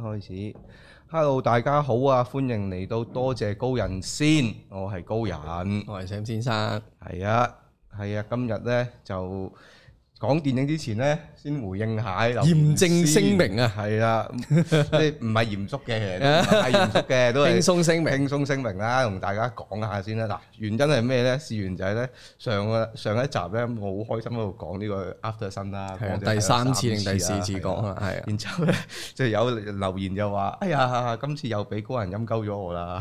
開始，Hello，大家好啊！歡迎嚟到，多謝高人先，我係高人，我係 Sam 先生，係啊，係啊，今日呢就。講電影之前咧，先回應下嚴正聲明啊，係啊，即係唔係嚴肅嘅，係嚴肅嘅，都係輕鬆聲明，輕鬆聲明啦，同大家講下先啦。嗱，原因係咩咧？事緣就係咧，上上一集咧，我好開心喺度講呢個 Aftersun 啦，講第三次定第四次講啊，係。然之後咧，就有留言就話：哎呀，今次又俾高人陰鳩咗我啦，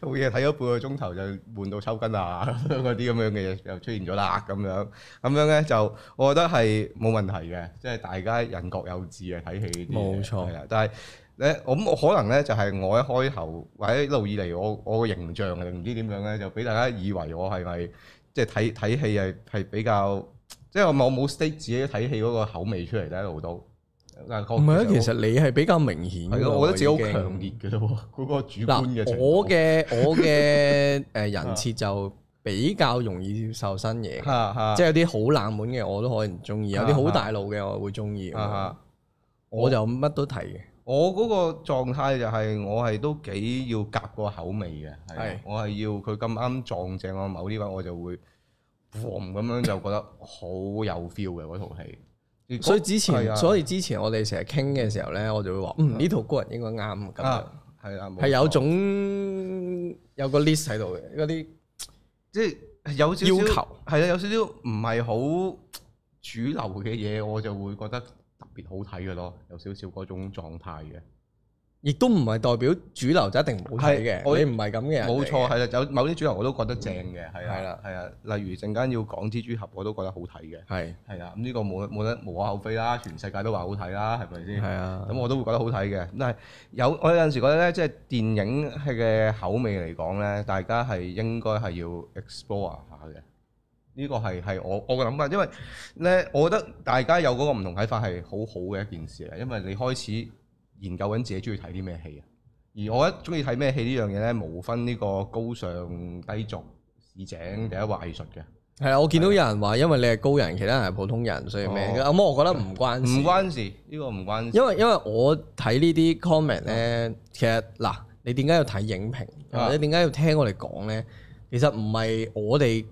做嘢睇咗半個鐘頭就悶到抽筋啊，嗰啲咁樣嘅嘢又出現咗啦，咁樣咁樣咧就。我覺得係冇問題嘅，即係大家人各有志啊，睇戲冇錯。但係咧，我可能咧就係我一開頭或者一路以嚟，我我個形象定唔知點樣咧，就俾大家以為我係咪即係睇睇戲係係比較，即係我冇冇 state 自己睇戲嗰個口味出嚟咧，一路都。但唔係啊，其實你係比較明顯，我覺得自己好強烈嘅啫喎，嗰個主觀嘅的。嗱， 我嘅我嘅誒人設就。 比較容易接受新嘢，即係有啲好冷門嘅我都可能中意，有啲好大路嘅我會中意。我就乜都睇嘅，我嗰個狀態就係我係都幾要夾個口味嘅。係，我係要佢咁啱撞正我某啲位，我就會 boom 咁樣就覺得好有 feel 嘅嗰套戲。所以之前，所以之前我哋成日傾嘅時候咧，我就會話，嗯，呢套高人應該啱。咁啊，係啦，係有種有個 list 喺度嘅啲。即係有少少要求，係啊，有少少唔係好主流嘅嘢，我就會覺得特別好睇嘅咯，有少少嗰種狀態嘅。亦都唔係代表主流就一定唔好睇嘅，我哋唔係咁嘅，冇錯係啦。有某啲主流我都覺得正嘅，係啦、嗯，係啊。例如陣間要講蜘蛛俠，我都覺得好睇嘅，係係啊。咁呢、這個冇冇得無可厚非啦，全世界都話好睇啦，係咪先？係啊的。咁的我都會覺得好睇嘅。但係有我有陣時覺得咧，即係電影嘅口味嚟講咧，大家係應該係要 explore 下嘅。呢、這個係係我我嘅諗法，因為咧，我覺得大家有嗰個唔同睇法係好好嘅一件事啊，因為你開始，研究緊自己中意睇啲咩戲啊，而我覺得中意睇咩戲呢樣嘢咧，冇分呢個高尚、低俗市井定係話藝術嘅。係啊，我見到有人話，因為你係高人，其他人係普通人，所以咩？阿摩、哦、我覺得唔關事，唔關事，呢、呢個唔關事。因為因為我睇呢啲 comment 咧，其實嗱，你點解要睇影評？係咪你點解要聽我哋講咧？啊、其實唔係我哋。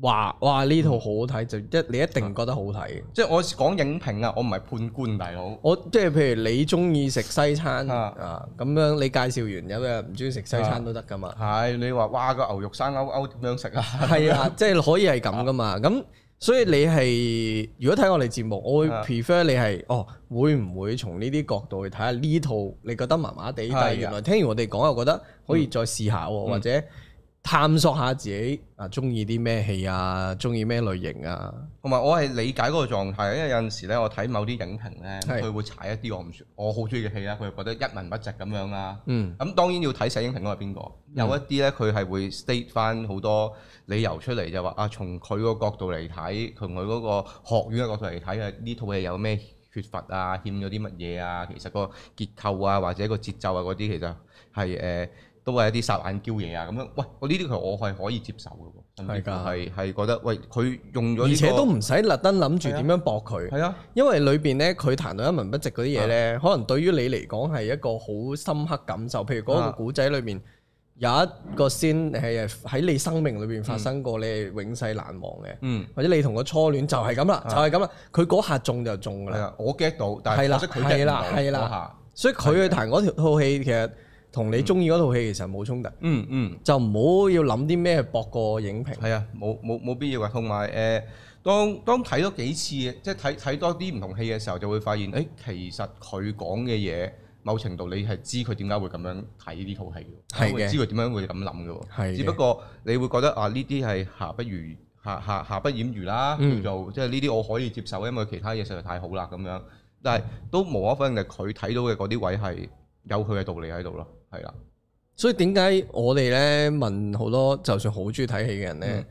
話哇呢套好睇，就一、嗯、你一定覺得好睇，即係我講影評啊，我唔係判官大佬。我即係譬如你中意食西餐啊，咁、啊、樣你介紹完有咩唔中意食西餐都得噶嘛？係、哎、你話哇個牛肉生勾勾點樣食啊？係啊，即係可以係咁噶嘛？咁、啊、所以你係如果睇我哋節目，我會 prefer 你係哦，會唔會從呢啲角度去睇下呢套？你覺得麻麻地，啊、但係原來聽完我哋講又覺得可以再試下，嗯、或者。探索下自己啊，中意啲咩戲啊，中意咩類型啊，同埋我係理解嗰個狀態，因為有陣時咧，我睇某啲影評咧，佢是會踩一啲我唔，我好中意嘅戲咧，佢係覺得一文不值咁樣啦。嗯，咁當然要睇寫影評嗰個係邊個，嗯、有一啲咧佢係會 state 翻好多理由出嚟，就話啊，從佢個角度嚟睇，從佢嗰個學院嘅角度嚟睇啊，呢套戲有咩缺乏啊，欠咗啲乜嘢啊，其實個結構啊，或者個節奏啊嗰啲，其實係誒。呃都係一啲撒嬌嘢啊，咁樣，喂，我呢啲佢我係可以接受嘅喎，係㗎，係係覺得喂，佢用咗而且都唔使特登諗住點樣駁佢，係啊，因為裏邊咧佢彈到一文不值嗰啲嘢咧，可能對於你嚟講係一個好深刻感受。譬如嗰個古仔裏面有一個仙係喺你生命裏邊發生過，你永世難忘嘅。嗯，或者你同個初戀就係咁啦，就係咁啦，佢嗰下中就中㗎啦，我 get 到，但係所以佢係啦，係啦，所以佢去彈嗰條套戲其實。同你中意嗰套戲其實冇衝突，嗯嗯，嗯就唔好要諗啲咩博個影評，係啊，冇冇冇必要㗎。同埋誒，當當睇多幾次，即係睇睇多啲唔同戲嘅時候，就會發現誒，欸、其實佢講嘅嘢，某程度你係知佢點解會咁樣睇呢套戲嘅，係嘅，知佢點樣會咁諗嘅喎，係，只不過你會覺得啊，呢啲係瑕不如瑕瑕瑕不掩瑜啦，叫做、嗯、即係呢啲我可以接受，因為其他嘢實在太好啦咁樣，但係都無可否認係佢睇到嘅嗰啲位係有佢嘅道理喺度咯。係啦，所以點解我哋咧問好多，就算好中意睇戲嘅人咧，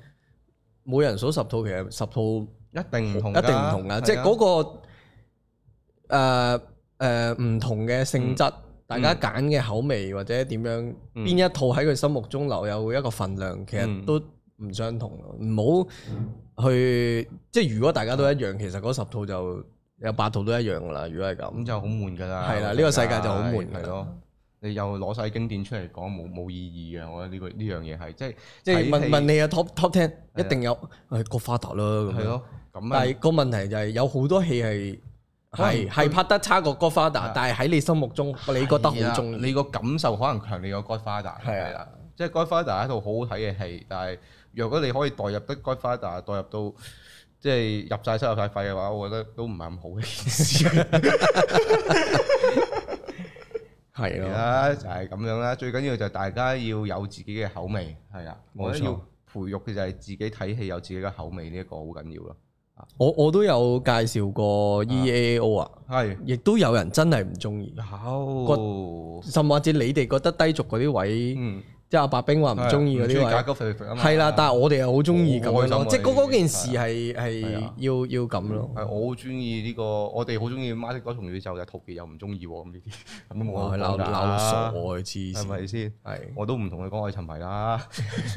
每人數十套，其實十套一定唔同，一定唔同噶，即係嗰個誒誒唔同嘅性質，大家揀嘅口味或者點樣，邊一套喺佢心目中留有一個份量，其實都唔相同。唔好去即係如果大家都一樣，其實嗰十套就有八套都一樣噶啦。如果係咁，咁就好悶噶啦。係啦，呢個世界就好悶，係咯。你又攞晒經典出嚟講，冇冇意義嘅。我覺得呢個呢樣嘢係即係即係問問你啊，top top ten 一定有 Godfather 咯，係咯。咁但係個問題就係有好多戲係係係拍得差過 Godfather，但係喺你心目中你覺得好重，你個感受可能強烈你個 Godfather。係啊，即係 Godfather 一套好好睇嘅戲，但係若果你可以代入得 Godfather 代入到即係入晒收入曬肺嘅話，我覺得都唔係咁好嘅事。係啦，就係咁樣啦。最緊要就係大家要有自己嘅口味，係啊，冇錯。我要培育嘅就係自己睇戲有自己嘅口味，呢一個好緊要咯。我我都有介紹過 E A O 啊，係，亦都有人真係唔中意，有，甚或者你哋覺得低俗嗰啲位，嗯。即係阿白兵話唔中意嗰啲位，係啦，但係我哋又好中意咁咯，即係嗰件事係係要要咁咯。我好中意呢個，我哋好中意《媽的多重宇宙》，但係陶傑又唔中意咁呢啲，咁我係鬧鬧傻，我係黐線，係咪先？係我都唔同你講愛沉迷啦，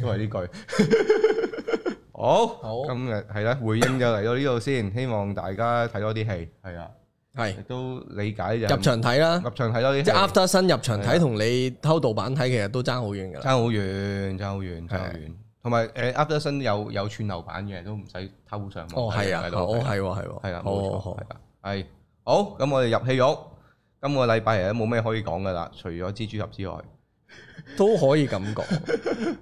因為呢句。好，今日係啦，回應就嚟到呢度先，希望大家睇多啲戲。係啊。係都理解就入場睇啦，入場睇多啲，即係 After 身入場睇同你偷盜版睇，其實都爭好遠噶啦，爭好遠，爭好遠，爭好遠。同埋誒，After 身有有串流版嘅，都唔使偷上網。哦係啊，哦係喎係係啦，冇錯係啦，係好，咁我哋入戲肉，今個禮拜日都冇咩可以講噶啦，除咗蜘蛛俠之外。都可以咁講，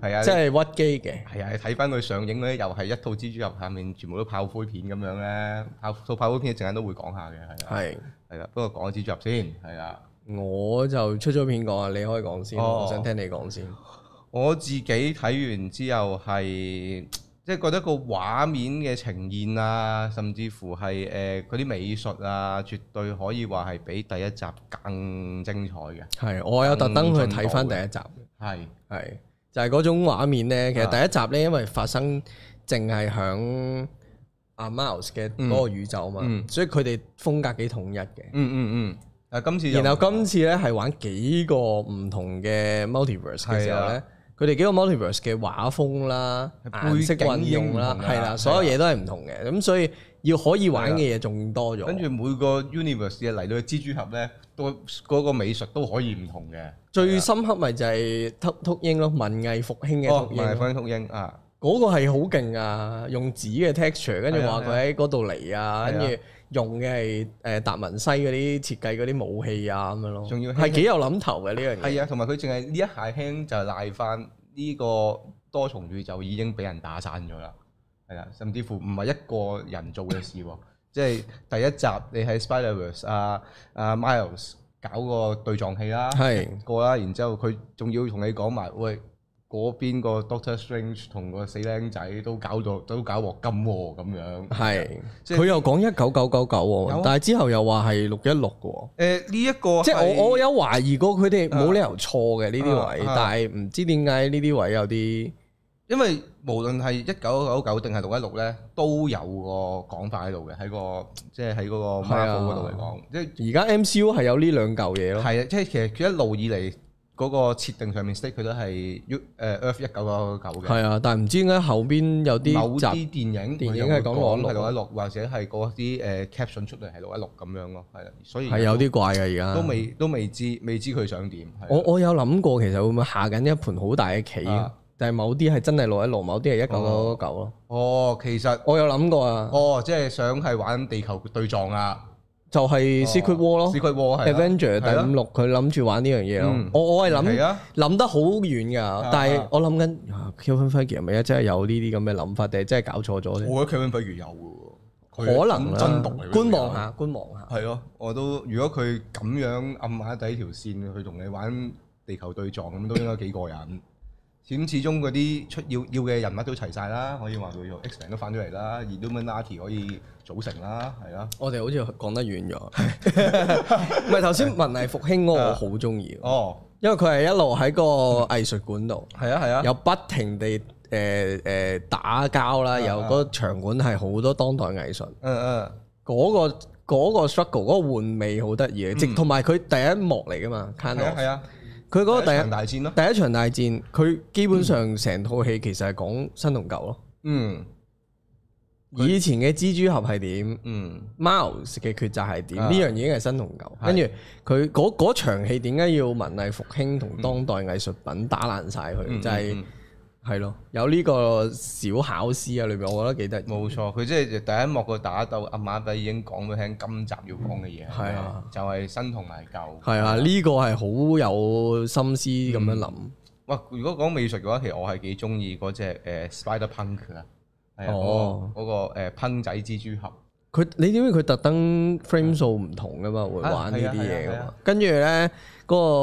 係 啊，即係屈機嘅。係啊，睇翻佢上映咧，又係一套蜘蛛俠下面全部都炮灰片咁樣咧。炮，套炮灰片一陣間都會講下嘅，係啊，係是啊，不過講下蜘蛛俠先，係啊。我就出咗片講啊，你可以講先，哦、我想聽你講先。我自己睇完之後係。即係覺得個畫面嘅呈現啊，甚至乎係誒嗰啲美術啊，絕對可以話係比第一集更精彩嘅。係，我有特登去睇返第一集。係係是，就係、是、嗰種畫面咧。其實第一集咧，因為發生淨係響阿 Mouse 嘅嗰個宇宙嘛，嗯嗯、所以佢哋風格幾統一嘅、嗯。嗯嗯嗯。啊，今次然後今次咧係玩幾個唔同嘅 Multiverse 嘅時候咧。佢哋幾個 multiverse 嘅畫風啦、背景 顏色嘅運用啦，係啦，啊、所有嘢都係唔同嘅，咁所以要可以玩嘅嘢仲多咗、啊。跟住每個 universe 嚟到蜘蛛俠咧，都嗰、嗰個美術都可以唔同嘅。啊、最深刻咪就係禿禿鷹咯，文藝復興嘅禿鷹。哦，反禿鷹啊，嗰個係好勁啊，用紙嘅 texture，跟住話佢喺嗰度嚟啊，跟住。用嘅係誒，達文西嗰啲設計、嗰啲武器啊，咁樣咯，仲要係幾有諗頭嘅呢樣嘢。係啊，同埋佢淨係呢一下輕就賴翻呢個多重宇宙已經俾人打散咗啦。係啊，甚至乎唔係一個人做嘅事喎。 即係第一集你喺 Spiderverse 啊、啊 Miles 搞個對撞器啦，過啦的，然之後佢仲要同你講埋喂。嗰邊個 Doctor Strange 同個死僆仔都搞咗，都搞鑊金喎咁樣。係，佢又講一九九九九喎，但係之後又話係六一六嘅喎。誒呢一個，即係我我有懷疑過佢哋冇理由錯嘅呢啲位，但係唔知點解呢啲位有啲，因為無論係一九九九定係六一六咧，都有個講法喺度嘅，喺個即係喺嗰個 Marvel 嗰度嚟講。即係而家 MCU 係有呢兩嚿嘢咯。係啊，即係其實佢一路以嚟。嗰個設定上面 set 佢都係 U F 一九九九嘅。係啊，但係唔知點解後邊有啲某啲電影，電影係講落六一六，或者係嗰啲誒 caption 出嚟係六一六咁樣咯，係啦，所以係有啲怪嘅而家。都未都未知，未知佢想點。我我有諗過其實會唔會下緊一盤好大嘅棋，但係啊，某啲係真係六一六，某啲係一九九九咯。哦，其實我有諗過啊。哦，即係想係玩地球對撞啊！就係 secret war 咯，secret war 係，Avenger 第五六佢諗住玩呢樣嘢咯，我我係諗諗得好遠㗎，但係我諗緊 Kevin Feige 係咪真係有呢啲咁嘅諗法，定係真係搞錯咗咧？我覺得 Kevin Feige 有嘅喎，可能真動觀望下觀望下，係咯，我都如果佢咁樣暗埋底條線去同你玩地球對撞咁，都應該幾過癮。咁始終嗰啲出要要嘅人物都齊晒啦，可以話佢用 X 聯都翻出嚟啦 e d o m a n a t t 可以組成啦，係啦。我哋好似講得遠咗，唔係頭先文藝復興嗰個我好中意，哦，因為佢係一路喺個藝術館度，係啊係啊，有不停地誒誒、呃呃、打交啦，啊、有嗰場館係好多當代藝術，嗯嗯，嗰個嗰個 struggle 嗰個換味好得意嘅，同埋佢第一幕嚟噶嘛，係啊的。的佢嗰個第一，第一場大戰咯，第一場大戰，佢基本上成套戲其實係講新同舊咯。嗯，以前嘅蜘蛛俠係點？嗯，Miles 嘅抉擇係點？呢、嗯、樣已經係新同舊。跟住佢嗰嗰場戲點解要文藝復興同當代藝術品打爛晒佢？就係。係咯，有呢個小巧思喺裏邊，我覺得幾得，冇錯。佢即係第一幕個打鬥，阿馬比已經講咗，聽今集要講嘅嘢，係啊、嗯，就係新同埋舊。係啊，呢、這個係好有心思咁樣諗。哇、嗯，如果講美術嘅話，其實我係幾中意嗰隻誒 Spider Punk 啊，係啊，嗰、哦那個嗰噴、那個、仔蜘蛛俠。佢你點解佢特登 frame 數唔同噶嘛？會玩、啊啊啊啊啊、呢啲嘢嘅嘛？跟住咧，嗰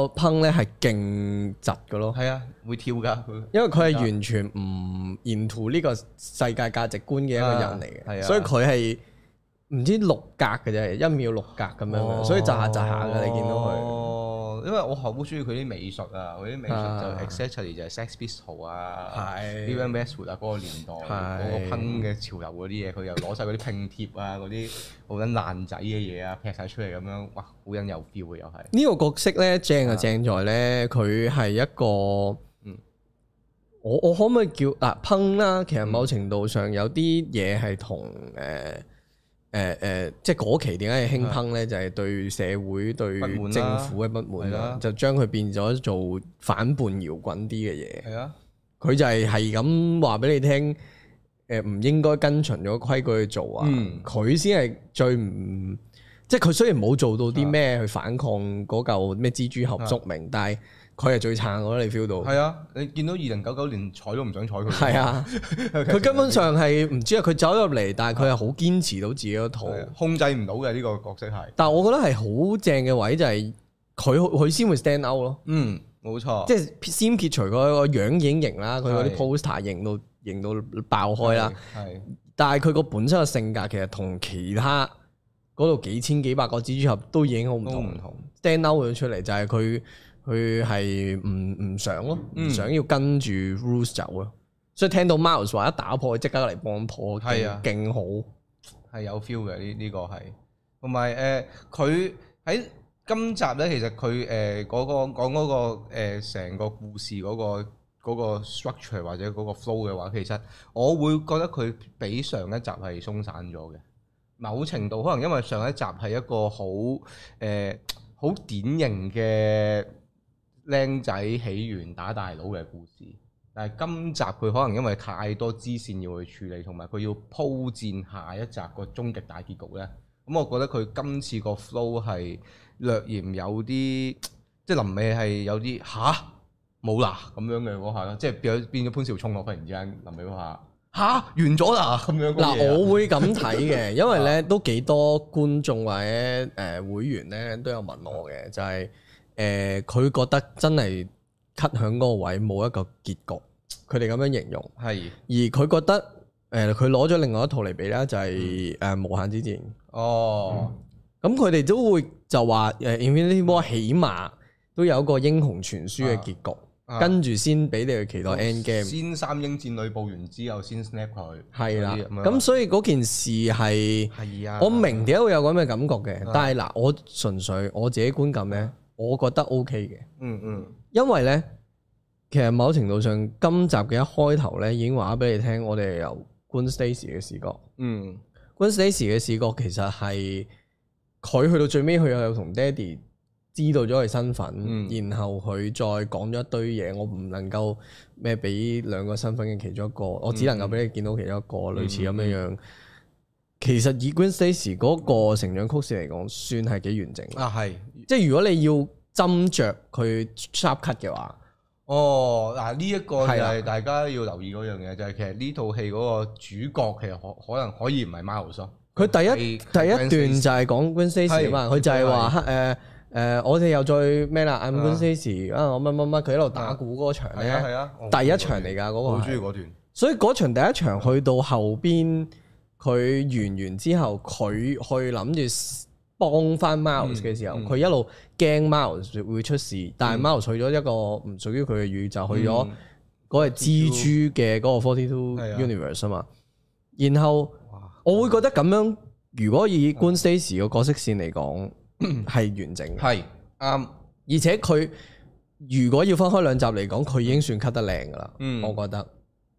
個 Punk 咧係勁窒嘅咯。係啊，會跳噶。因為佢係完全唔沿途呢個世界價值觀嘅一個人嚟嘅，啊啊、所以佢係唔知六格嘅啫，一秒六格咁樣嘅，哦、所以窒下窒下嘅，你見到佢。哦因為我好中意佢啲美術啊，佢啲美術就 exactly 就係 sex pistols 啊、啊、Vivienne Westwood 啊，嗰、那個年代嗰是個烹嘅潮流嗰啲嘢，佢又攞晒嗰啲拼貼啊，嗰啲好撚爛仔嘅嘢啊，劈晒出嚟咁樣，哇，好撚有 feel 嘅又係。呢個角色咧正啊，正在咧，佢係一個，嗯，我我可唔可以叫啊烹啦？啊？其實某程度上有啲嘢係同誒。呃誒誒、呃，即係嗰期點解係興烹咧？啊、就係對社會對政府嘅不滿啦，啊、就將佢變咗做反叛搖滾啲嘅嘢。係啊，佢就係係咁話俾你聽，誒、呃、唔應該跟循咗規矩去做啊！佢先係最唔，即係佢雖然冇做到啲咩去反抗嗰嚿咩蜘蛛俠宿命，啊、但係。佢係最慘，我覺得你 feel 到。係啊，你見到二零九九年，睬都唔想睬佢。係啊，佢 根本上係唔知啊，佢走入嚟，但係佢係好堅持到自己嗰套、啊，控制唔到嘅呢個角色係。但係我覺得係好正嘅位就係佢佢先會 stand out 咯。嗯，冇錯，即係先揭除佢個樣影型啦，佢嗰啲是 poster 型到型到爆開啦。係，但係佢個本身嘅性格其實同其他嗰度幾千幾百個蜘蛛俠都已經好唔同。stand out 咗出嚟就係佢。佢係唔唔想咯，唔想要跟住 rules 走啊，嗯、所以聽到 Miles 話一打破佢即刻嚟幫破，係啊，勁好，係有 feel 嘅呢呢個係。同埋誒，佢喺、呃、今集咧，其實佢誒嗰個講嗰、嗰個成、呃、個故事嗰、嗰個嗰個 structure 或者嗰個 flow 嘅話，其實我會覺得佢比上一集係鬆散咗嘅。某程度可能因為上一集係一個好誒好典型嘅。靚仔起源打大佬嘅故事，但係今集佢可能因為太多支線要去處理，同埋佢要鋪戰下一集個終極大結局咧。咁、嗯、我覺得佢今次個 flow 係略嫌有啲，即係臨尾係有啲吓，冇啦咁樣嘅嗰下咯，即係變變咗潘少聰咯，忽然之間臨尾嗰下吓，完咗啦咁樣嗱，我會咁睇嘅， 因為咧都幾多觀眾或者誒會員咧都有問我嘅，嗯、就係、是。誒佢覺得真係 cut 響嗰個位冇一個結局，佢哋咁樣形容。係，而佢覺得誒佢攞咗另外一套嚟比啦，就係誒無限之戰。哦，咁佢哋都會就話誒 Infinity War 起碼都有一個英雄傳輸嘅結局，跟住先俾你去期待 end game。先三英戰呂布完之後先 snap 佢。係啦，咁所以嗰件事係，我明點解會有咁嘅感覺嘅。但係嗱，我純粹我自己觀感咧。我覺得 OK 嘅、嗯，嗯嗯，因為咧，其實某程度上，今集嘅一開頭咧已經話咗俾你聽，我哋由 Green Stacy 嘅視角。嗯 g r e e Stacy 嘅視角其實係佢去到最尾，佢又有同爹 a 知道咗佢身份，嗯、然後佢再講咗一堆嘢，我唔能夠咩俾兩個身份嘅其中一個，嗯、我只能夠俾你見到其中一個，嗯、類似咁樣樣。嗯嗯嗯、其實以 Green Stacy 嗰個成長曲線嚟講，算係幾完整啊，係、啊。即係如果你要斟酌佢插曲嘅話，哦嗱，呢一個就係大家要留意嗰樣嘢，就係其實呢套戲嗰個主角其實可可能可以唔係 Miles。佢第一第一段就係講 Gwen Stacy 嘛，佢就係話誒誒，我哋又再咩啦？I'm Gwen Stacy 啊，我乜乜乜，佢喺度打鼓嗰場咧，第一場嚟㗎嗰個。好中意嗰段。所以嗰場第一場去到後邊，佢完完之後，佢去諗住，幫翻 Miles 嘅時候，佢、嗯嗯、一路驚 Miles 會出事，嗯、但係 Miles 去咗一個唔屬於佢嘅宇宙，嗯、去咗嗰隻蜘蛛嘅嗰個 Forty Two Universe 啊嘛、嗯。嗯、然後我會覺得咁樣，如果以 Gwen Stacy 嘅角色線嚟講，係、嗯、完整嘅，係啱、嗯。而且佢如果要分開兩集嚟講，佢已經算 cut 得靚噶啦。嗯、我覺得。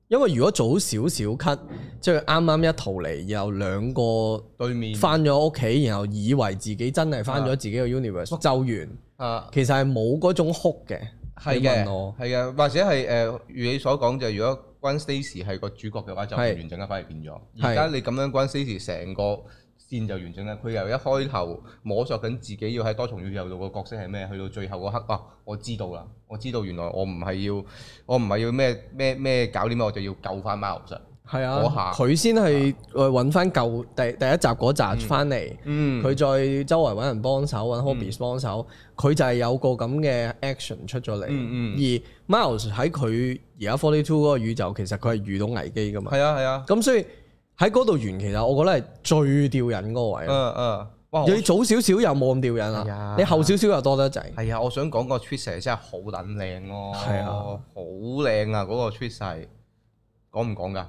因為如果早少少咳，即係啱啱一逃離，然後兩個對面翻咗屋企，然後以為自己真係翻咗自己個 universe、啊、就完。啊，其實係冇嗰種哭嘅，係嘅的，係嘅，或者係誒、呃，如你所講，就係如果 Gwen Stacy 係個主角嘅話，就完整一反而變咗。而家是你咁樣 Gwen Stacy 成個。線就完整啦。佢由一開頭摸索緊自己要喺多重宇宙度個角色係咩，去到最後嗰刻啊，我知道啦，我知道原來我唔係要，我唔係要咩咩咩搞啲咩，我就要救翻 Miles。係啊，嗰下佢先係揾翻舊第第一集嗰集翻嚟，佢、嗯嗯、再周圍揾人幫手，揾 Hobie 幫手、嗯，佢就係有個咁嘅 action 出咗嚟。嗯嗯、而 Miles 喺佢而家 Forty Two 嗰個宇宙，其實佢係遇到危機噶嘛。係啊、嗯，係、嗯、啊。咁、嗯、所以喺嗰度完，其實我覺得係最吊人嗰位。嗯嗯。哇，你早少少又冇咁吊人啊？啊你後少少又多得滯。係啊，我想講個 twist 真係好撚靚咯。係啊。好靚啊！嗰、哦啊嗰個 twist，講唔講㗎？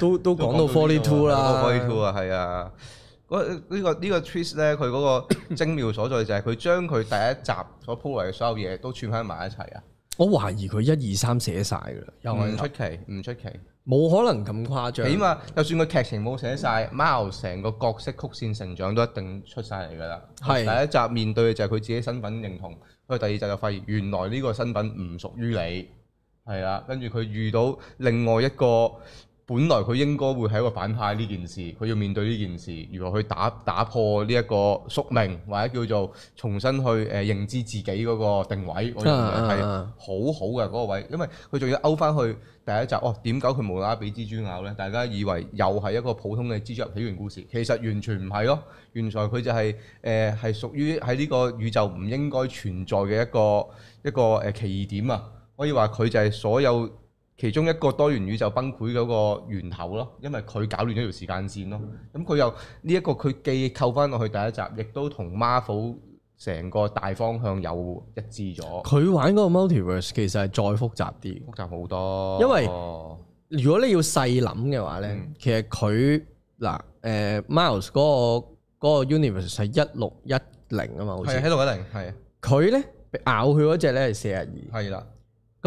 都都講到 forty two 啦。forty two 啊，係啊、 這個。呢個呢個 twist 咧，佢嗰個精妙所在就係佢將佢第一集所鋪嚟嘅所有嘢都串返埋一齊啊。我懷疑佢一二三寫晒㗎啦。又唔出奇，唔出奇。冇可能咁誇張，起碼就算佢劇情冇寫曬，Miles 成、嗯、個角色曲線成長都一定出晒嚟㗎啦。係，第一集面對嘅就係佢自己身份認同，佢第二集就發現原來呢個身份唔屬於你，係啦。跟住佢遇到另外一個。本來佢應該會係一個反派呢件事，佢要面對呢件事，如何去打打破呢一個宿命，或者叫做重新去誒、呃、認知自己嗰個定位，我認為係好好嘅嗰個位，因為佢仲要勾翻去第一集哦，點解佢無啦啦俾蜘蛛咬咧？大家以為又係一個普通嘅蜘蛛俠起源故事，其實完全唔係咯，原來佢就係誒係屬於喺呢個宇宙唔應該存在嘅一個一個誒奇異點啊，可以話佢就係所有。其中一個多元宇宙崩潰嗰個源頭咯，因為佢搞亂咗條時間線咯。咁佢、嗯、又呢一、呢個佢既扣翻落去第一集，亦都同 Marvel 成個大方向有一致咗。佢玩嗰個 Multiverse 其實係再複雜啲，複雜好多。因為如果你要細諗嘅話咧，嗯、其實佢嗱誒、呃、Miles、嗰個嗰、嗰個 Universe 係一六一零啊嘛，好似係一六一零，係佢咧咬佢嗰隻咧係四廿二，係啦。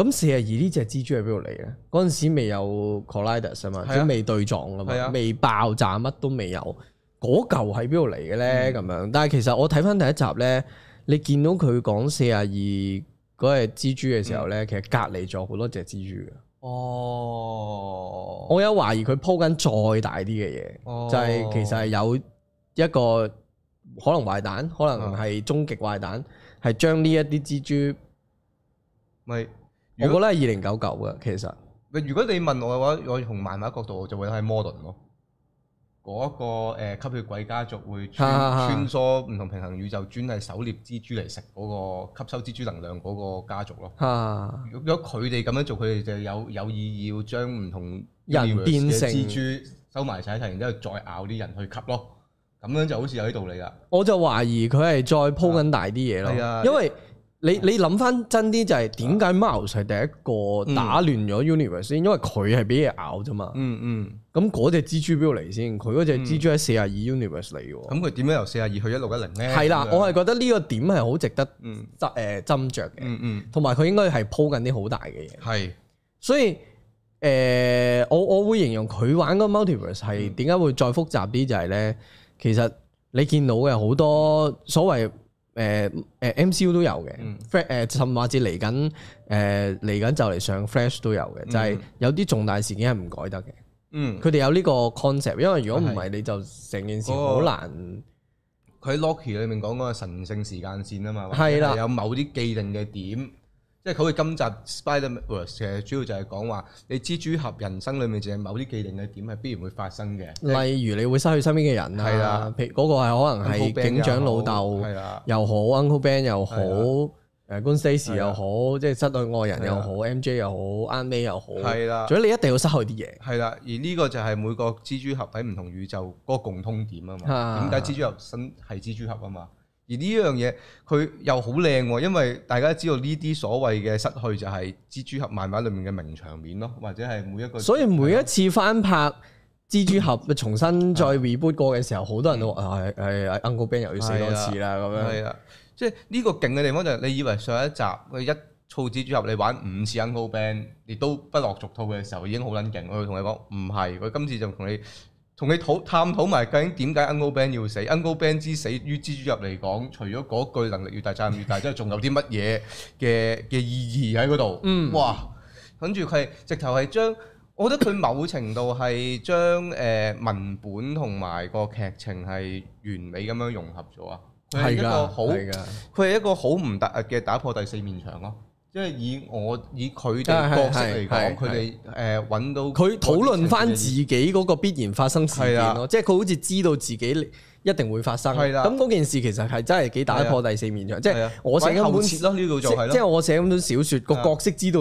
咁四啊二呢隻蜘蛛喺邊度嚟嘅？嗰陣時未有 colliders 啊嘛，即係未對撞啊嘛，未爆炸，乜都未有。嗰嚿喺邊度嚟嘅咧？咁、嗯、樣，但係其實我睇翻第一集咧，你見到佢講四啊二嗰隻蜘蛛嘅時候咧，嗯、其實隔離咗好多隻蜘蛛嘅。哦，我有懷疑佢鋪緊再大啲嘅嘢，哦、就係其實係有一個可能壞蛋，可能係終極壞蛋，係將呢一啲蜘蛛咪。我覺得係二零九九嘅，其實。如果你問我嘅話，我從漫畫角度就會係 modern 咯。嗰個誒吸血鬼家族會穿，哈哈穿梭唔同平衡宇宙，專係狩獵蜘蛛嚟食嗰個吸收蜘蛛能量嗰個家族咯。哈哈，如果佢哋咁樣做，佢哋就有有意義要將唔同人變成蜘蛛收埋晒一齊，然之後再咬啲人去吸咯。咁樣就好似有啲道理啦。我就懷疑佢係再鋪緊大啲嘢咯，因為。你你諗翻真啲就係點解 Miles 係第一個打亂咗 Universe 先？嗯，因為佢係俾嘢咬啫嘛、嗯。嗯那那嗯。咁嗰隻蜘蛛標，嚟先，佢嗰隻蜘蛛喺四十二 Universe 嚟嘅。咁佢點樣由四十二去一六一零咧？係啦、嗯嗯呃，我係覺得呢個點係好值得，誒斟酌嘅。嗯嗯。同埋佢應該係鋪緊啲好大嘅嘢。係。所以誒，我我會形容佢玩個 Multiverse 係點解會再複雜啲，就係咧，其實你見到嘅好多所謂。誒誒 MCU 都有嘅，誒、嗯、甚至嚟緊誒嚟緊就嚟上 Flash 都有嘅，嗯、就係有啲重大事件係唔改得嘅。嗯，佢哋有呢個 concept，因為如果唔係你就成件事好難。佢喺 Loki 裏面講嗰個神聖時間線啊嘛，係啦，有某啲既定嘅點。即係佢今集 Spider Verse 其實主要就係講話你蜘蛛俠人生裏面，淨係某啲既定嘅點係必然會發生嘅。例如你會失去身邊嘅人啦，係啦，嗰個係可能係警長老豆，係啦，又好 Uncle Ben 又好，誒 Gwen Stacy 又好，即係失去愛人又好，MJ 又好，Annie 又好，係啦。所以你一定要失去啲嘢，係啦。而呢個就係每個蜘蛛俠喺唔同宇宙嗰個共通點啊嘛。點解蜘蛛俠身係蜘蛛俠啊嘛？而呢樣嘢佢又好靚喎，因為大家知道呢啲所謂嘅失去就係蜘蛛俠漫畫裏面嘅名場面咯，或者係每一個。所以每一次翻拍蜘蛛俠、嗯、重新再 reboot 過嘅時候，好、嗯、多人都話係係、哎哎、Uncle Ben 又要死多次啦咁的樣。係啦，即係呢個勁嘅地方就係你以為上一集佢一套蜘蛛俠，你玩五次 Uncle Ben 你都不落俗套嘅時候已經好撚勁。我會同你講唔係，佢今次就同你。同你討探討埋究竟點解 Uncle Ben 要死？Uncle Ben 之死於蜘蛛俠嚟講，除咗嗰句能力越大責任越大，之外，仲有啲乜嘢嘅嘅意義喺嗰度？嗯，哇！跟住佢係直頭係將，我覺得佢某程度係將誒、 呃、文本同埋個劇情係完美咁樣融合咗啊！係一個好，佢係一個好唔打嘅打破第四面牆咯。即係以我以佢哋角色嚟講，佢哋誒揾到佢討論翻自己嗰個必然發生事件咯。即係佢好似知道自己一定會發生。咁嗰件事其實係真係幾打破第四面牆。即係我寫根呢度就係即係我寫咁多小説，個角色知道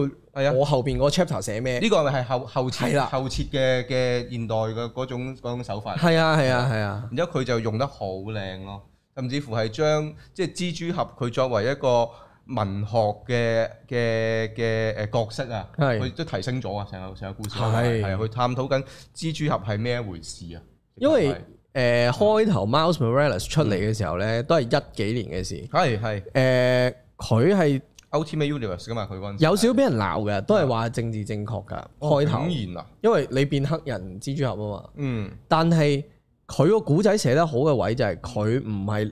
我後邊嗰 chapter 寫咩？呢個係後後設後設嘅嘅現代嘅嗰種手法。係啊係啊係啊！然之後佢就用得好靚咯，甚至乎係將即係蜘蛛俠佢作為一個。文學嘅嘅嘅誒角色啊，佢都提升咗啊！成個成個故事，係係去探討緊蜘蛛俠係咩一回事啊！因為誒開頭 Miles Morales 出嚟嘅時候咧，都係一幾年嘅事。係係誒，佢係 Ultimate Universe 㗎嘛，佢嗰陣有少少俾人鬧嘅，都係話政治正確㗎。開頭竟然啊，因為你變黑人蜘蛛俠啊嘛。嗯，但係佢個古仔寫得好嘅位就係佢唔係。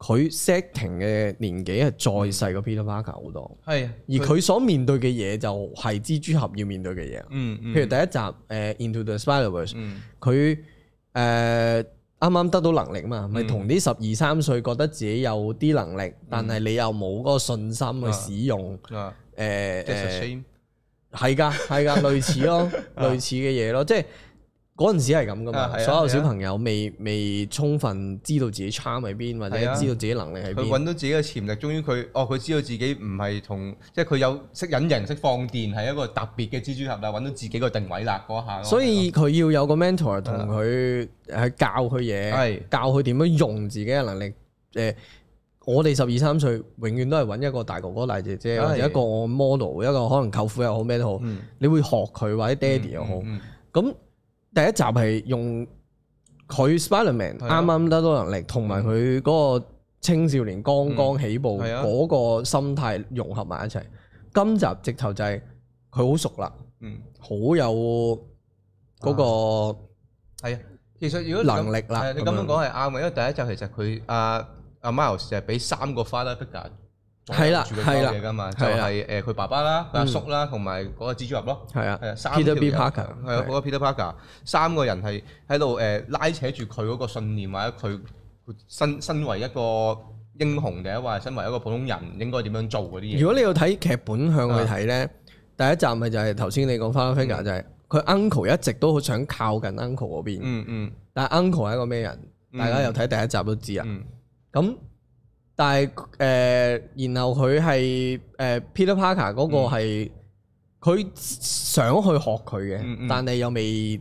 佢 setting 嘅年紀係再細過 Peter Parker 好多，係的。而佢所面對嘅嘢就係蜘蛛俠要面對嘅嘢、嗯。嗯譬如第一集誒 Into the Spider-Verse，佢誒啱、嗯、啱、呃、得到能力啊嘛，咪、嗯、同啲十二三歲覺得自己有啲能力，嗯、但係你又冇嗰個信心去使用。啊誒誒，係㗎係㗎，類似咯， 類似嘅嘢咯，即係。嗰陣時係咁噶嘛，所有小朋友未未充分知道自己差喺邊，或者知道自己能力喺邊。佢揾到自己嘅潛力，終於佢哦，佢知道自己唔係同，即係佢有識隱形、識放電，係一個特別嘅蜘蛛俠啦，揾到自己個定位啦嗰下，所以佢要有個 mentor 同佢係教佢嘢，教佢點樣用自己嘅能力。誒，我哋十二三歲永遠都係揾一個大哥哥、大姐姐，或者一個 model，一個可能舅父又好，咩都好，你會學佢或者爹哋又好咁。第一集係用佢 Spiderman 啱啱得到能力，同埋佢嗰個青少年剛剛起步嗰個心態融合埋一齊。的今集直頭就係佢好熟啦，嗯的，好有嗰個係啊。其實如果能力啦，你咁樣講係啱嘅，因為第一集其實佢阿阿 Miles 就俾三個 father figure。係啦，係啦，噶嘛，就係誒佢爸爸啦、阿叔啦，同埋嗰個蜘蛛俠咯。係啊，係啊，三條人，Peter Parker 係啊，嗰個 Peter Parker，三個人係喺度誒拉扯住佢嗰個信念，或者佢身身為一個英雄或者身為一個普通人應該點樣做嗰啲嘢。如果你要睇劇本向去睇咧，第一集咪就係頭先你講翻 figure，就係佢 Uncle 一直都好想靠近 Uncle 嗰邊。嗯嗯。但係 Uncle 係一個咩人？大家又睇第一集都知啊。咁。但係誒、呃，然後佢係誒 Peter Parker 嗰個係佢、嗯、想去學佢嘅，嗯、但係又未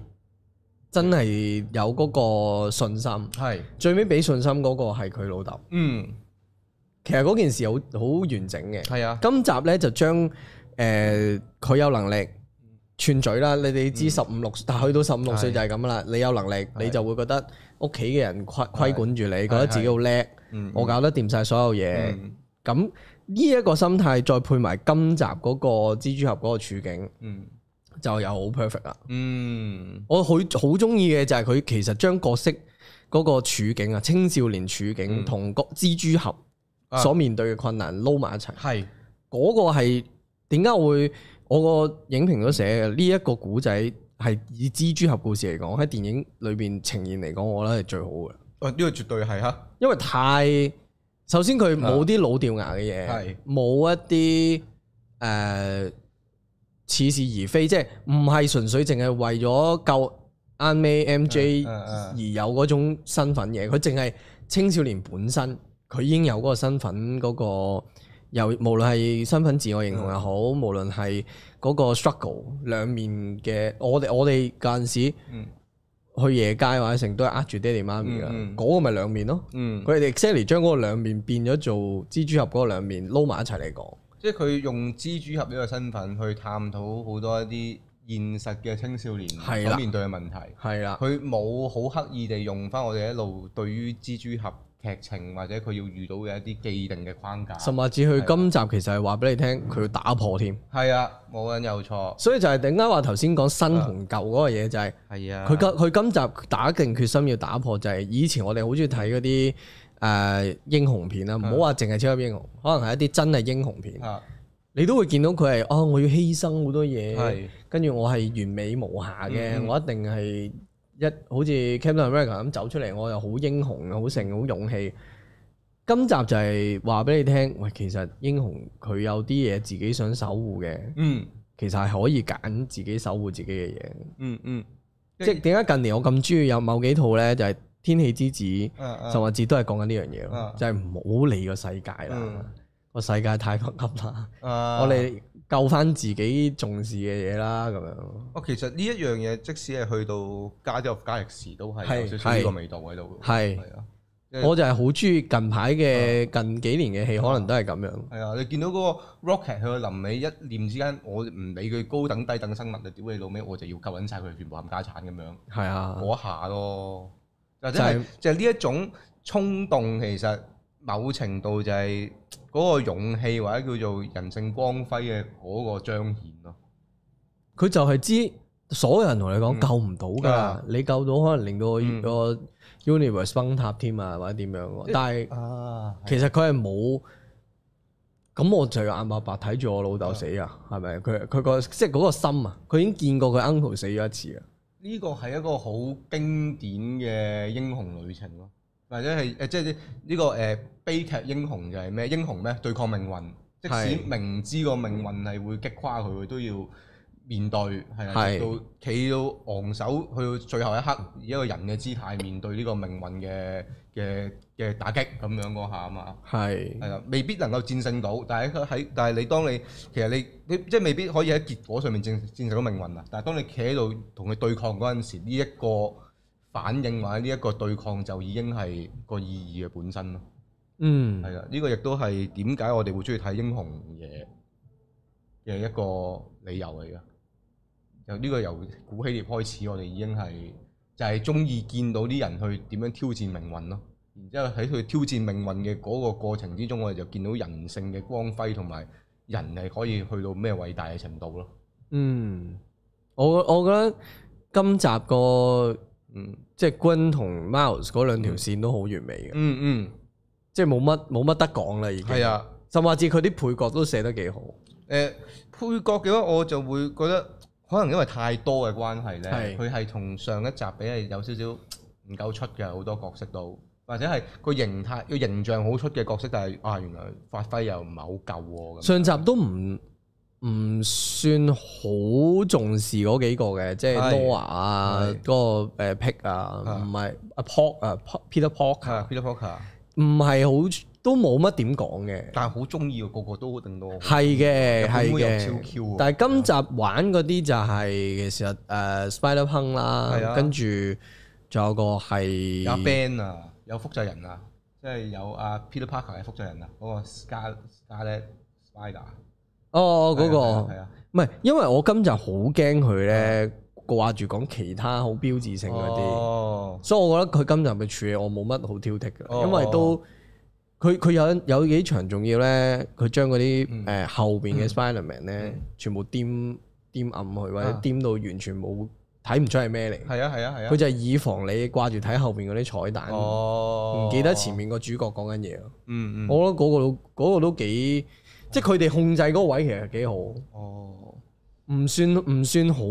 真係有嗰個信心。係、嗯、最尾俾信心嗰個係佢老豆。嗯，其實嗰件事好好完整嘅。係啊，今集咧就將誒佢有能力串嘴啦。你哋知十五六，但去到十五六歲就係咁啦。是你有能力，你就會覺得屋企嘅人規規管住你，覺得自己好叻。嗯、我搞得掂晒所有嘢，咁呢一個心態再配埋今集嗰個蜘蛛俠嗰個處境，就有好 perfect 啦。嗯，我好好中意嘅就係佢其實將角色嗰個處境啊，青少年處境同個蜘蛛俠所面對嘅困難撈埋一齊。係嗰、嗯、個係點解會我個影評都寫嘅呢一個古仔係以蜘蛛俠故事嚟講喺電影裏邊呈現嚟講，我覺得係最好嘅。哦，呢、這個絕對係哈，因為太，首先佢冇啲老掉牙嘅嘢，冇、啊、一啲誒、呃、似是而非，即係唔係純粹淨係為咗救啱啱 MJ 而有嗰種身份嘢。佢淨係青少年本身，佢已經有嗰個身份嗰、那個，由無論係身份自我認同又好，嗯、無論係嗰個 struggle 兩面嘅，我哋我哋嗰陣時，嗯。去夜街或者成都係呃住爹哋媽咪㗎，嗰、嗯、個咪兩面咯。佢哋 exactly 將嗰個兩面變咗做蜘蛛俠嗰個兩面撈埋一齊嚟講，即係佢用蜘蛛俠呢個身份去探討好多一啲現實嘅青少年所面對嘅問題。係啦了，佢冇好刻意地用翻我哋一路對於蜘蛛俠。劇情或者佢要遇到嘅一啲既定嘅框架。甚至佢今集其實係話俾你聽，佢要打破添。係啊，冇人有錯。所以就係點解話頭先講新同舊嗰個嘢就係。係啊。佢今佢今集打定決心要打破就係以前我哋好中意睇嗰啲誒英雄片啊。唔好話淨係超級英雄，可能係一啲真係英雄片。啊。你都會見到佢係啊，我要犧牲好多嘢，啊、跟住我係完美無瑕嘅，嗯、我一定係。一好似 Captain America 咁走出嚟，我又好英雄，好成，好勇氣。今集就係話俾你聽，喂，其實英雄佢有啲嘢自己想守護嘅，嗯，其實係可以揀自己守護自己嘅嘢，嗯，嗯嗯。即係點解近年我咁中意有某幾套咧？就係、是《天氣之子》啊、甚至都係講緊呢樣嘢，就係唔好理個世界啦，個、啊嗯、世界太複雜啦，啊啊、 我哋。救翻自己重視嘅嘢啦，咁樣。哦，其實呢一樣嘢，即使係去到 Guardian of Galaxy，都係有少少呢個味道喺度。係，我就係好中意近排嘅的近幾年嘅戲，可能都係咁樣。係啊，你見到嗰個 Rocket，佢臨尾一念之間，我唔理佢高等低等生物，就屌你老味，我就要救緊晒佢全部冚家產咁樣。係啊的，嗰下咯，或者係就係呢一種衝動，其實。某程度就係嗰個勇氣，或者叫做人性光輝嘅嗰個彰顯咯。佢就係知所有人同你講救唔到噶，嗯、你救到可能令到個 universe 崩塌添啊，或者點樣。嗯、但係其實佢係冇咁，啊、我就眼白白睇住我老豆死啊，係咪、嗯？佢佢個即係嗰個心啊，佢已經見過佢 uncle 死咗一次啊。呢個係一個好經典嘅英雄旅程咯。或者係誒，即係呢呢個誒悲劇英雄就係咩英雄咧？對抗命運，是即使明知個命運係會擊垮佢，佢都要面對，係是到企到昂首去到最後一刻，以一個人嘅姿態面對呢個命運嘅嘅嘅打擊咁樣嗰下啊嘛。係係啊，未必能夠戰勝到，但係喺但係你當你其實你你即係未必可以喺結果上面戰戰勝到命運啊。但係當你企喺度同佢對抗嗰陣時，呢一個。反映埋呢一個對抗，就已經係個意義嘅本身咯。嗯，係啊，呢個亦都係點解我哋會中意睇英雄嘢嘅一個理由嚟噶。由呢個由古希臘開始，我哋已經係就係中意見到啲人去點樣挑戰命運咯。然之後喺佢挑戰命運嘅嗰個過程之中，我哋就見到人性嘅光輝，同埋人係可以去到咩偉大嘅程度咯。嗯，我我覺得今集個。嗯，即係 Gwen 同 Miles 嗰兩條線都好完美嘅、嗯。嗯嗯，即係冇乜冇乜得講啦，已經。係啊，甚至佢啲配角都寫得幾好。誒、呃，配角嘅話我就會覺得，可能因為太多嘅關係咧，佢係同上一集比係有少少唔夠出嘅好多角色都，或者係個形態個形象好出嘅角色，但係啊原來發揮又唔係好夠、啊。上集都唔。唔算好重視嗰幾個嘅，即係 Noir 啊，嗰個的是 Pick 啊，唔係啊 Pock 啊，Peter Porker Peter Porker 啊，唔係好都冇乜點講嘅。但係好中意個個都一定多。係嘅的，係嘅。的但係今集玩嗰啲就係、是、其實誒、uh, Spider Punk 啦，的跟住仲有個係有 Ben 啊，有複製人啊，即、就、係、是、有阿 Peter Parker 嘅複製人啊，嗰、那個 Scar Scarlet Spider。哦，嗰個，係啊，唔係，因為我今日好驚佢咧，掛住講其他好標誌性嗰啲，所以，我覺得佢今日嘅處理我冇乜好挑剔嘅，因為都，佢佢有有幾場仲要咧，佢將嗰啲誒後邊嘅 s,、嗯、Spider-Man 咧，全部掂掂、嗯、暗去，或者掂到完全冇睇唔出係咩嚟，係啊係啊係啊，佢就係以防你掛住睇後邊嗰啲彩蛋，唔記得前面個主角講緊嘢嗯嗯，我、嗯、覺得嗰個都嗰個都幾。即係佢哋控制嗰個位其實幾好，唔、哦、算唔算好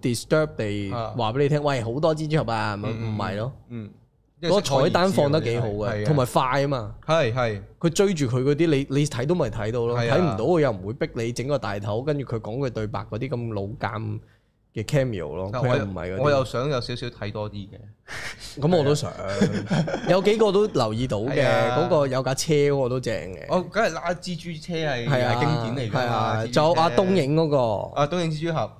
disturb 地話俾、啊、你聽，喂好多蜘蛛俠啊，唔係、嗯、咯，嗰彩蛋放得幾好嘅，同埋、嗯、快啊嘛，係係的，佢的追住佢嗰啲你你睇都咪睇到啦，睇唔的到又唔會逼你整個大頭，跟住佢講佢對白嗰啲咁老監。嘅 cameo 咯，我又想有少少睇多啲嘅，咁我都想，有幾個都留意到嘅，嗰個有架車嗰個都正嘅，哦，梗係啦蜘蛛車係係啊經典嚟嘅，係啊，仲有阿東映嗰個，阿東映蜘蛛俠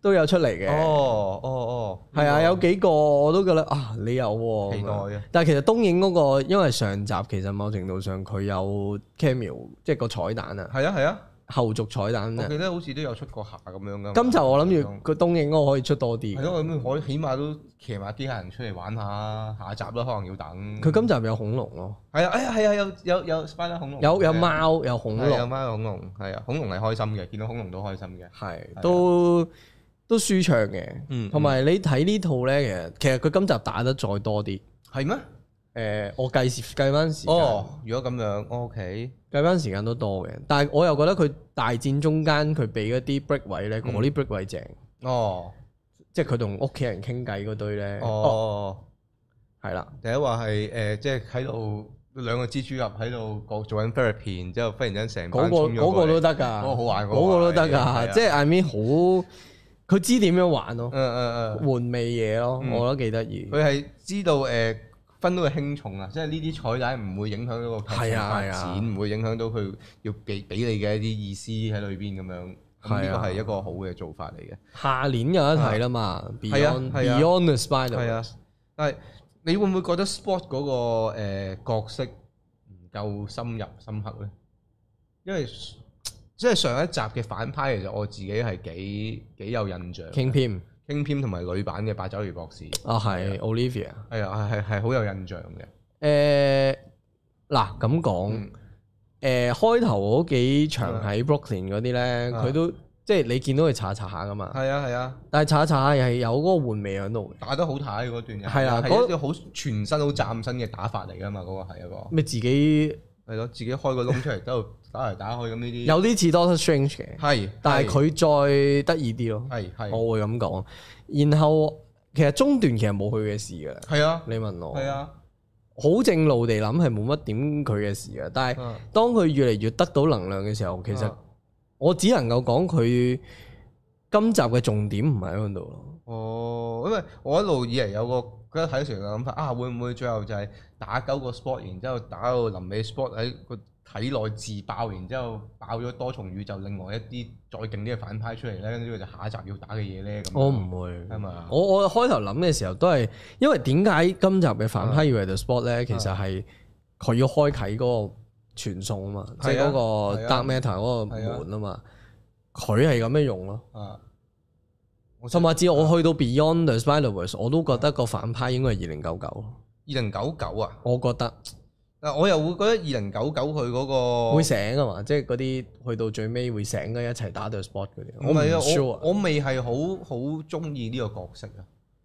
都有出嚟嘅，哦哦哦，係啊，有幾個我都覺得啊，你有期待，但係其實東映嗰個，因為上集其實某程度上佢有 cameo 即係個彩蛋啊，係啊係啊。後續彩蛋、啊，我記得好似都有出個盒咁樣嘅。今集我諗住佢東映應可以出多啲。係咯、啊，咁我起碼都騎埋啲客人出嚟玩一下。下一集咧可能要等。佢今集有恐龍咯。係啊，係啊，係、哎、啊，有有有 Spider 恐龍。有有貓，有恐龍。有啊，有貓恐龍，係啊，恐龍係開心嘅，見到恐龍都開心嘅。係是，啊、都都舒暢嘅。同埋、嗯、你睇呢套咧，其實其實佢今集打得再多啲。係咩嗎？誒、呃，我計時計翻時。哦，如果咁樣，OK。計番時間都多嘅，但係我又覺得佢大戰中間佢俾一啲 break 位咧，嗰啲 break 位正哦，即係佢同屋企人傾偈嗰堆咧。哦，係啦，第一話係誒，即係喺度兩個蜘蛛人喺度各做緊 fair 然之後忽然間成嗰個嗰個都得噶，嗰個好玩，嗰個都得噶，即係 I mean 好，佢知點樣玩咯，嗯嗯嗯，玩味嘢咯，我都幾得意，佢係知道誒。分到個輕重啊！即係呢啲彩帶唔會影響到個劇情發展，唔、啊、會影響到佢要俾俾你嘅一啲意思喺裏邊咁樣，咁呢個係一個好嘅做法嚟嘅。下年有得睇啦嘛！Beyond Beyond the Spider、啊、但係你會唔會覺得 Spot、那、嗰個、呃、角色唔夠深入深刻咧？因為即係、就是、上一集嘅反派其實我自己係幾幾有印象。Kingpin 同埋女版嘅八爪魚博士啊，係、啊、Olivia，係啊係係係好有印象嘅。誒嗱咁講，誒、啊嗯呃、開頭嗰幾場喺 Brooklyn、ok、嗰啲咧，佢、啊、都即係你見到佢查查下噶嘛。係啊係啊，啊但係查查下又係有嗰個玩味喺度，打得好睇嗰段嘅。係啊，嗰啲好全身好嶄新嘅打法嚟噶嘛，嗰、那個係一個。咩自己？係咯，自己開個窿出嚟，之後 打嚟打去咁呢啲，有啲似 Doctor Strange 嘅，係，但係佢再得意啲咯，係係，我會咁講。然後其實中段其實冇佢嘅事噶，係啊，你問我，係啊，好正路地諗係冇乜點佢嘅事噶，但係當佢越嚟越得到能量嘅時候，其實我只能夠講佢今集嘅重點唔喺喺度咯。哦，因為我一路以嚟有個，覺得睇成嘅諗法啊，會唔會最後就係、是？打九個 spot，r 然之後打到臨尾 spot r 喺個體內自爆，然之後爆咗多重宇宙，另外一啲再勁啲嘅反派出嚟咧，跟住就下一集要打嘅嘢咧。我唔會，我我開頭諗嘅時候都係，因為點解今集嘅反派以為 spot r 咧？啊、其實係佢要開啟嗰個傳送啊嘛，啊即係嗰個、啊、Dark Matter 嗰個門啊嘛，佢係咁樣用咯。我甚至我去到 Beyond the Spider-Verse，我都覺得個反派應該係二零九九。二零九九啊，我覺得，嗱我又會覺得二零九九佢嗰個會醒啊嘛，即係嗰啲去到最尾會醒嘅一齊打到 spot 啲。啊、我唔 sure 啊我，我未係好好中意呢個角色啊，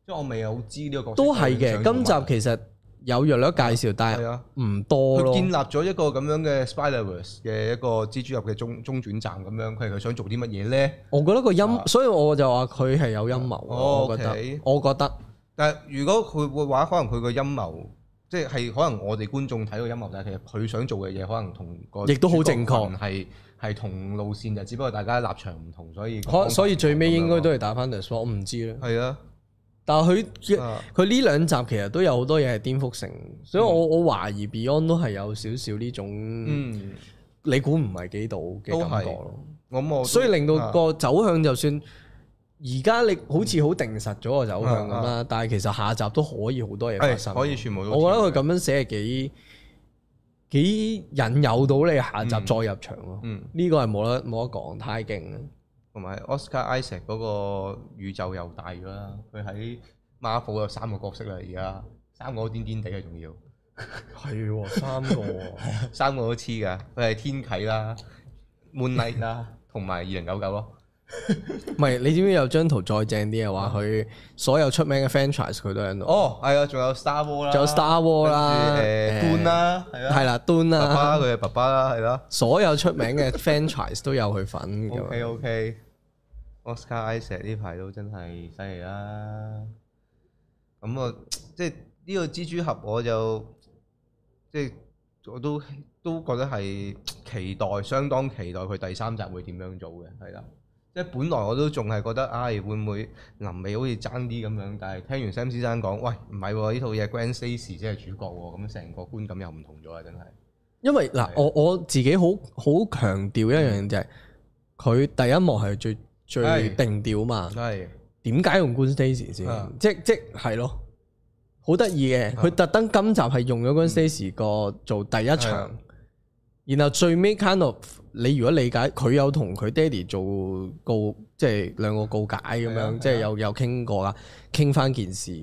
即係我未有知呢個角色。角色都係嘅，今集其實有略略介紹，啊、但係唔多。佢建立咗一個咁樣嘅 Spiderverse 嘅一個蜘蛛俠嘅中中轉站咁樣，佢係佢想做啲乜嘢咧？我覺得個陰，啊、所以我就話佢係有陰謀，哦 okay。我覺得。我覺得。但係如果佢嘅話，可能佢個陰謀，即係可能我哋觀眾睇到陰謀，但係其實佢想做嘅嘢可能同個亦都好正確，係係同路線就只不過大家立場唔同，所以所以最尾應該都係打翻 The Spot 我唔知啦。係、嗯、他啊，但係佢佢呢兩集其實都有好多嘢係顛覆性，所以我、嗯、我懷疑 Beyond 都係有少少呢種，嗯、你估唔係幾到嘅感覺咯。我,我所以令到個走向就算。而家你好似好定實咗個走向咁啦，嗯嗯、但係其實下集都可以好多嘢可以全部都。我覺得佢咁樣寫係幾幾引誘到你下集再入場咯、嗯。嗯，呢個係冇得冇得講，太勁，同埋 Oscar Isaac 嗰個宇宙又大咗啦，佢喺 m 虎有三個角色啦，而家三個都癲癲地嘅仲要。係喎、哦，三個。係 三個都黐㗎。佢係天啟啦、m o o 啦，同埋二零九九咯。唔係， 你知唔知有張圖再正啲嘅話，佢、嗯、所有出名嘅 franchise 佢都喺度？哦，係啊，仲有 Star War 啦，仲有 Star War 啦，誒，Dune 啦，係啦，係啦，Dune 啦，佢嘅爸爸啦，係啦，所有出名嘅 franchise 都有佢份。O K，O K，Oscar Isaac，呢排都真係犀利啦。咁啊，即係呢個蜘蛛俠、就是，我就即係我都都覺得係期待，相當期待佢第三集會點樣做嘅，係啦。即係本來我都仲係覺得，唉、哎，會唔會臨尾好似爭啲咁樣？但係聽完 Sam 先生講，喂，唔係喎，呢套嘢 Gwen Stacy 即係主角喎，咁成個觀感又唔同咗啦，真係。因為嗱，的我我自己好好強調一樣嘢、嗯、就係，佢第一幕係最最定調嘛。係的。點解用 Gwen Stacy 先的？即即係咯，好、就、得、是、意嘅，佢特登今集係用咗 Gwen、嗯、Stacy 個做第一場。然後最尾 kind of，你如果理解佢有同佢爹哋做告，即係兩個告解咁樣，即係有有傾過啦，傾翻件事，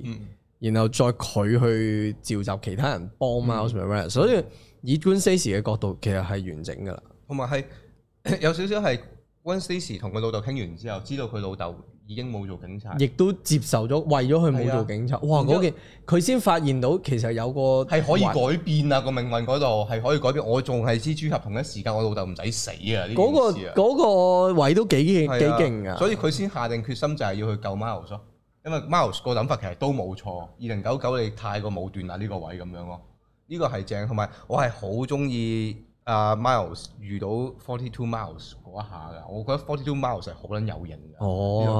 然後再佢去召集其他人幫 Miles，所以以 Gwen Stacy 嘅角度其實係完整噶啦，同埋係有少少係 Gwen Stacy 同佢老豆傾完之後，知道佢老豆。已經冇做警察，亦都接受咗，為咗佢冇做警察，的哇！件佢先發現到其實有個係可以改變啊、那個命運嗰度係可以改變，我仲係蜘蛛俠同一時間我老豆唔使死啊！嗰、那個嗰位都幾勁幾勁啊！的所以佢先下定決心就係要去救 Miles，因為 Miles 個諗法其實都冇錯，二零九九你太過武斷啦呢、這個位咁樣咯，呢、這個係正，同埋我係好中意。啊、uh,，Miles 遇到 Forty Two Miles 嗰一下嘅，我覺得 Forty Two Miles 係好撚有型嘅。哦、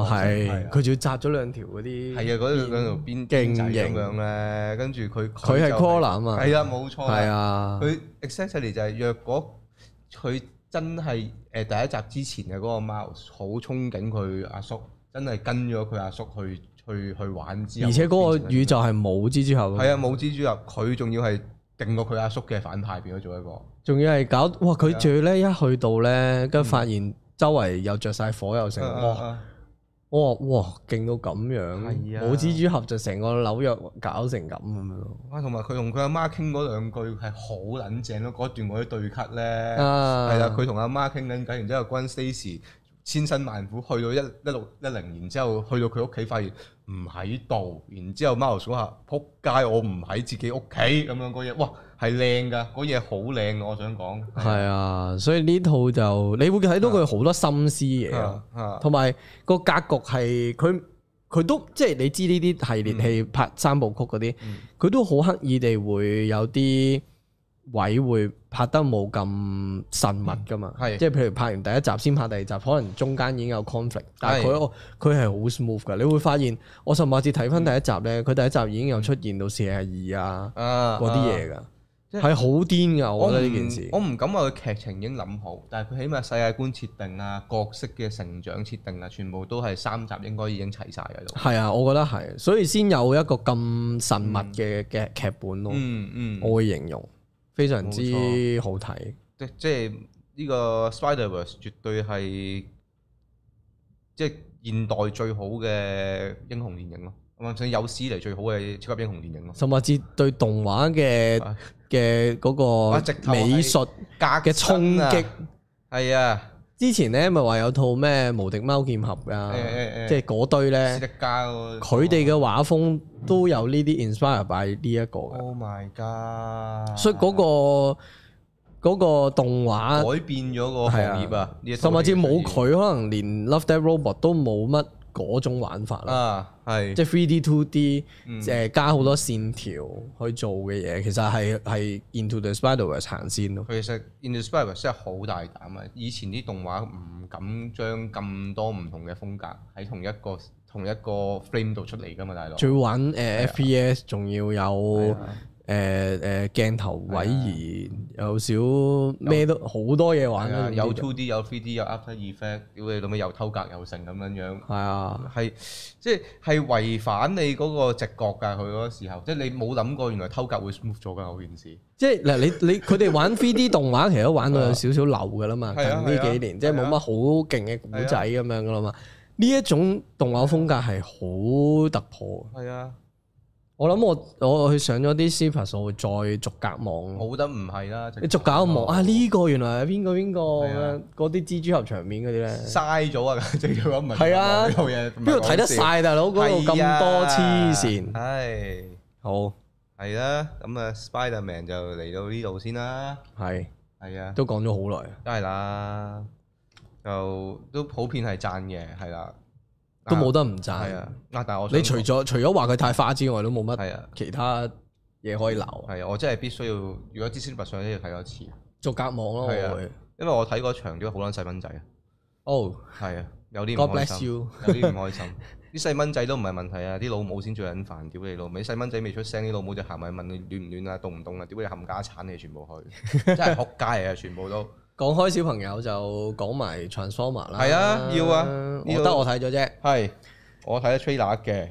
oh,，係，佢仲要紮咗兩條嗰啲係啊，嗰兩、就是、條邊勁型咁樣咧。跟住佢佢係 Colon 啊嘛，係啊呀，冇錯啊，佢 exactly 就係若果佢真係誒第一集之前嘅嗰個 Miles 好憧憬佢阿叔，叔，真係跟咗佢阿叔去去去玩之後，而且嗰個宇宙係冇蜘蛛俠，係啊，冇蜘蛛俠，佢仲要係定過佢阿叔嘅反派，變咗做一個。仲要係搞，哇！佢最咧一去到咧，跟、嗯、發現周圍又着晒火又成，哇！啊、哇哇勁到咁樣，是啊、母蜘蛛俠俠就成個紐約搞成咁咁樣咯。啊，同埋佢同佢阿媽傾嗰兩句係好撚正咯，嗰段嗰啲對咳咧，係啊，佢同阿媽傾緊偈，然之後關 Stacy。千辛萬苦去到一一六一零，然之後去到佢屋企，發現唔喺度，然之後貓頭鼠話撲街，我唔喺自己屋企咁樣嗰嘢，哇係靚噶，嗰嘢好靚，我想講。係啊，所以呢套就你會睇到佢好多心思嘢，同埋、啊啊、個格局係佢佢都即係你知呢啲系列戲拍三部曲嗰啲，佢、嗯嗯、都好刻意地會有啲。位會拍得冇咁慎密噶嘛？係即係譬如拍完第一集先拍第二集，可能中間已經有 conflict，但係佢佢係好 smooth 噶。你會發現我甚至睇翻第一集咧，佢第一集已經有出現到四十二啊嗰啲嘢㗎，係好癲㗎！我覺得呢件事，我唔敢話佢劇情已經諗好，但係佢起碼世界觀設定啊、角色嘅成長設定啊，全部都係三集應該已經齊晒㗎啦。係啊，我覺得係，所以先有一個咁慎密嘅嘅劇本咯。嗯嗯，嗯嗯我會形容。非常之好睇，即即係呢個 Spider Verse 絕對係即係現代最好嘅英雄電影咯，甚至有史以嚟最好嘅超級英雄電影咯，甚至對動畫嘅嘅嗰個美術嘅衝擊係啊！之前咧咪話有套咩無敵貓劍俠啊，欸欸欸即係嗰堆咧，佢哋嘅畫風都有呢啲、嗯、inspire by 呢一個。Oh my god！所以嗰個嗰個動畫改變咗個行業啊，甚至冇佢可能連 Love Death Robot 都冇乜。嗰種玩法啦，係、啊、即係 three D two D，誒、嗯、加好多線條去做嘅嘢，其實係係 Into the Spider-Verse 行先咯。其實 Into the Spider-Verse 真係好大膽啊！以前啲動畫唔敢將咁多唔同嘅風格喺同一個同一個 frame 度出嚟㗎嘛，大佬。最玩 FPS，仲、啊、要有。誒誒、呃、鏡頭位移、啊、有少咩都好有多嘢玩啦、啊，有 two D 有 three D 有 after effect，屌你老味又偷格又成咁樣樣，係啊，係即係違反你嗰個直覺㗎，佢嗰時候即係你冇諗過原來偷格會 smooth 咗㗎嗰件事，即係嗱你你佢哋玩 three D 動畫其實都玩到有少少流㗎啦嘛，啊、近呢幾年即係冇乜好勁嘅古仔咁樣㗎啦嘛，呢一種動畫風格係好突破嘅，啊。我諗我我去上咗啲 super，我再逐格望。好得唔係啦，你逐格望啊呢個原來係邊個邊個嗰啲蜘蛛俠場面嗰啲咧？嘥咗啊！最屘嗰一幕，嗰套嘢邊度睇得晒大佬。嗰度咁多黐線。唉，好係啦，咁啊 Spider-Man 就嚟到呢度先啦。係係啊，都講咗好耐，都係啦，就都普遍係讚嘅，係啦。都冇得唔贊啊！但係我你除咗除咗話佢太花之外，都冇乜其他嘢可以鬧。係啊，我真係必須要，如果知先尼伯上，一定要睇多次。做隔網咯，我會。因為我睇嗰場屌好撚細蚊仔啊！Oh，係啊，有啲唔開心，有啲唔開心。啲細蚊仔都唔係問題啊，啲老母先最撚煩。屌你老味，細蚊仔未出聲，啲老母就行埋問你暖唔暖啊、凍唔凍啊？屌你冚家鏟，你全部去，真係仆街啊！全部都。講開小朋友就講埋 Transformer、啊、啦，係啊，要啊，我覺得我睇咗啫。係，我睇咗 trailer 嘅。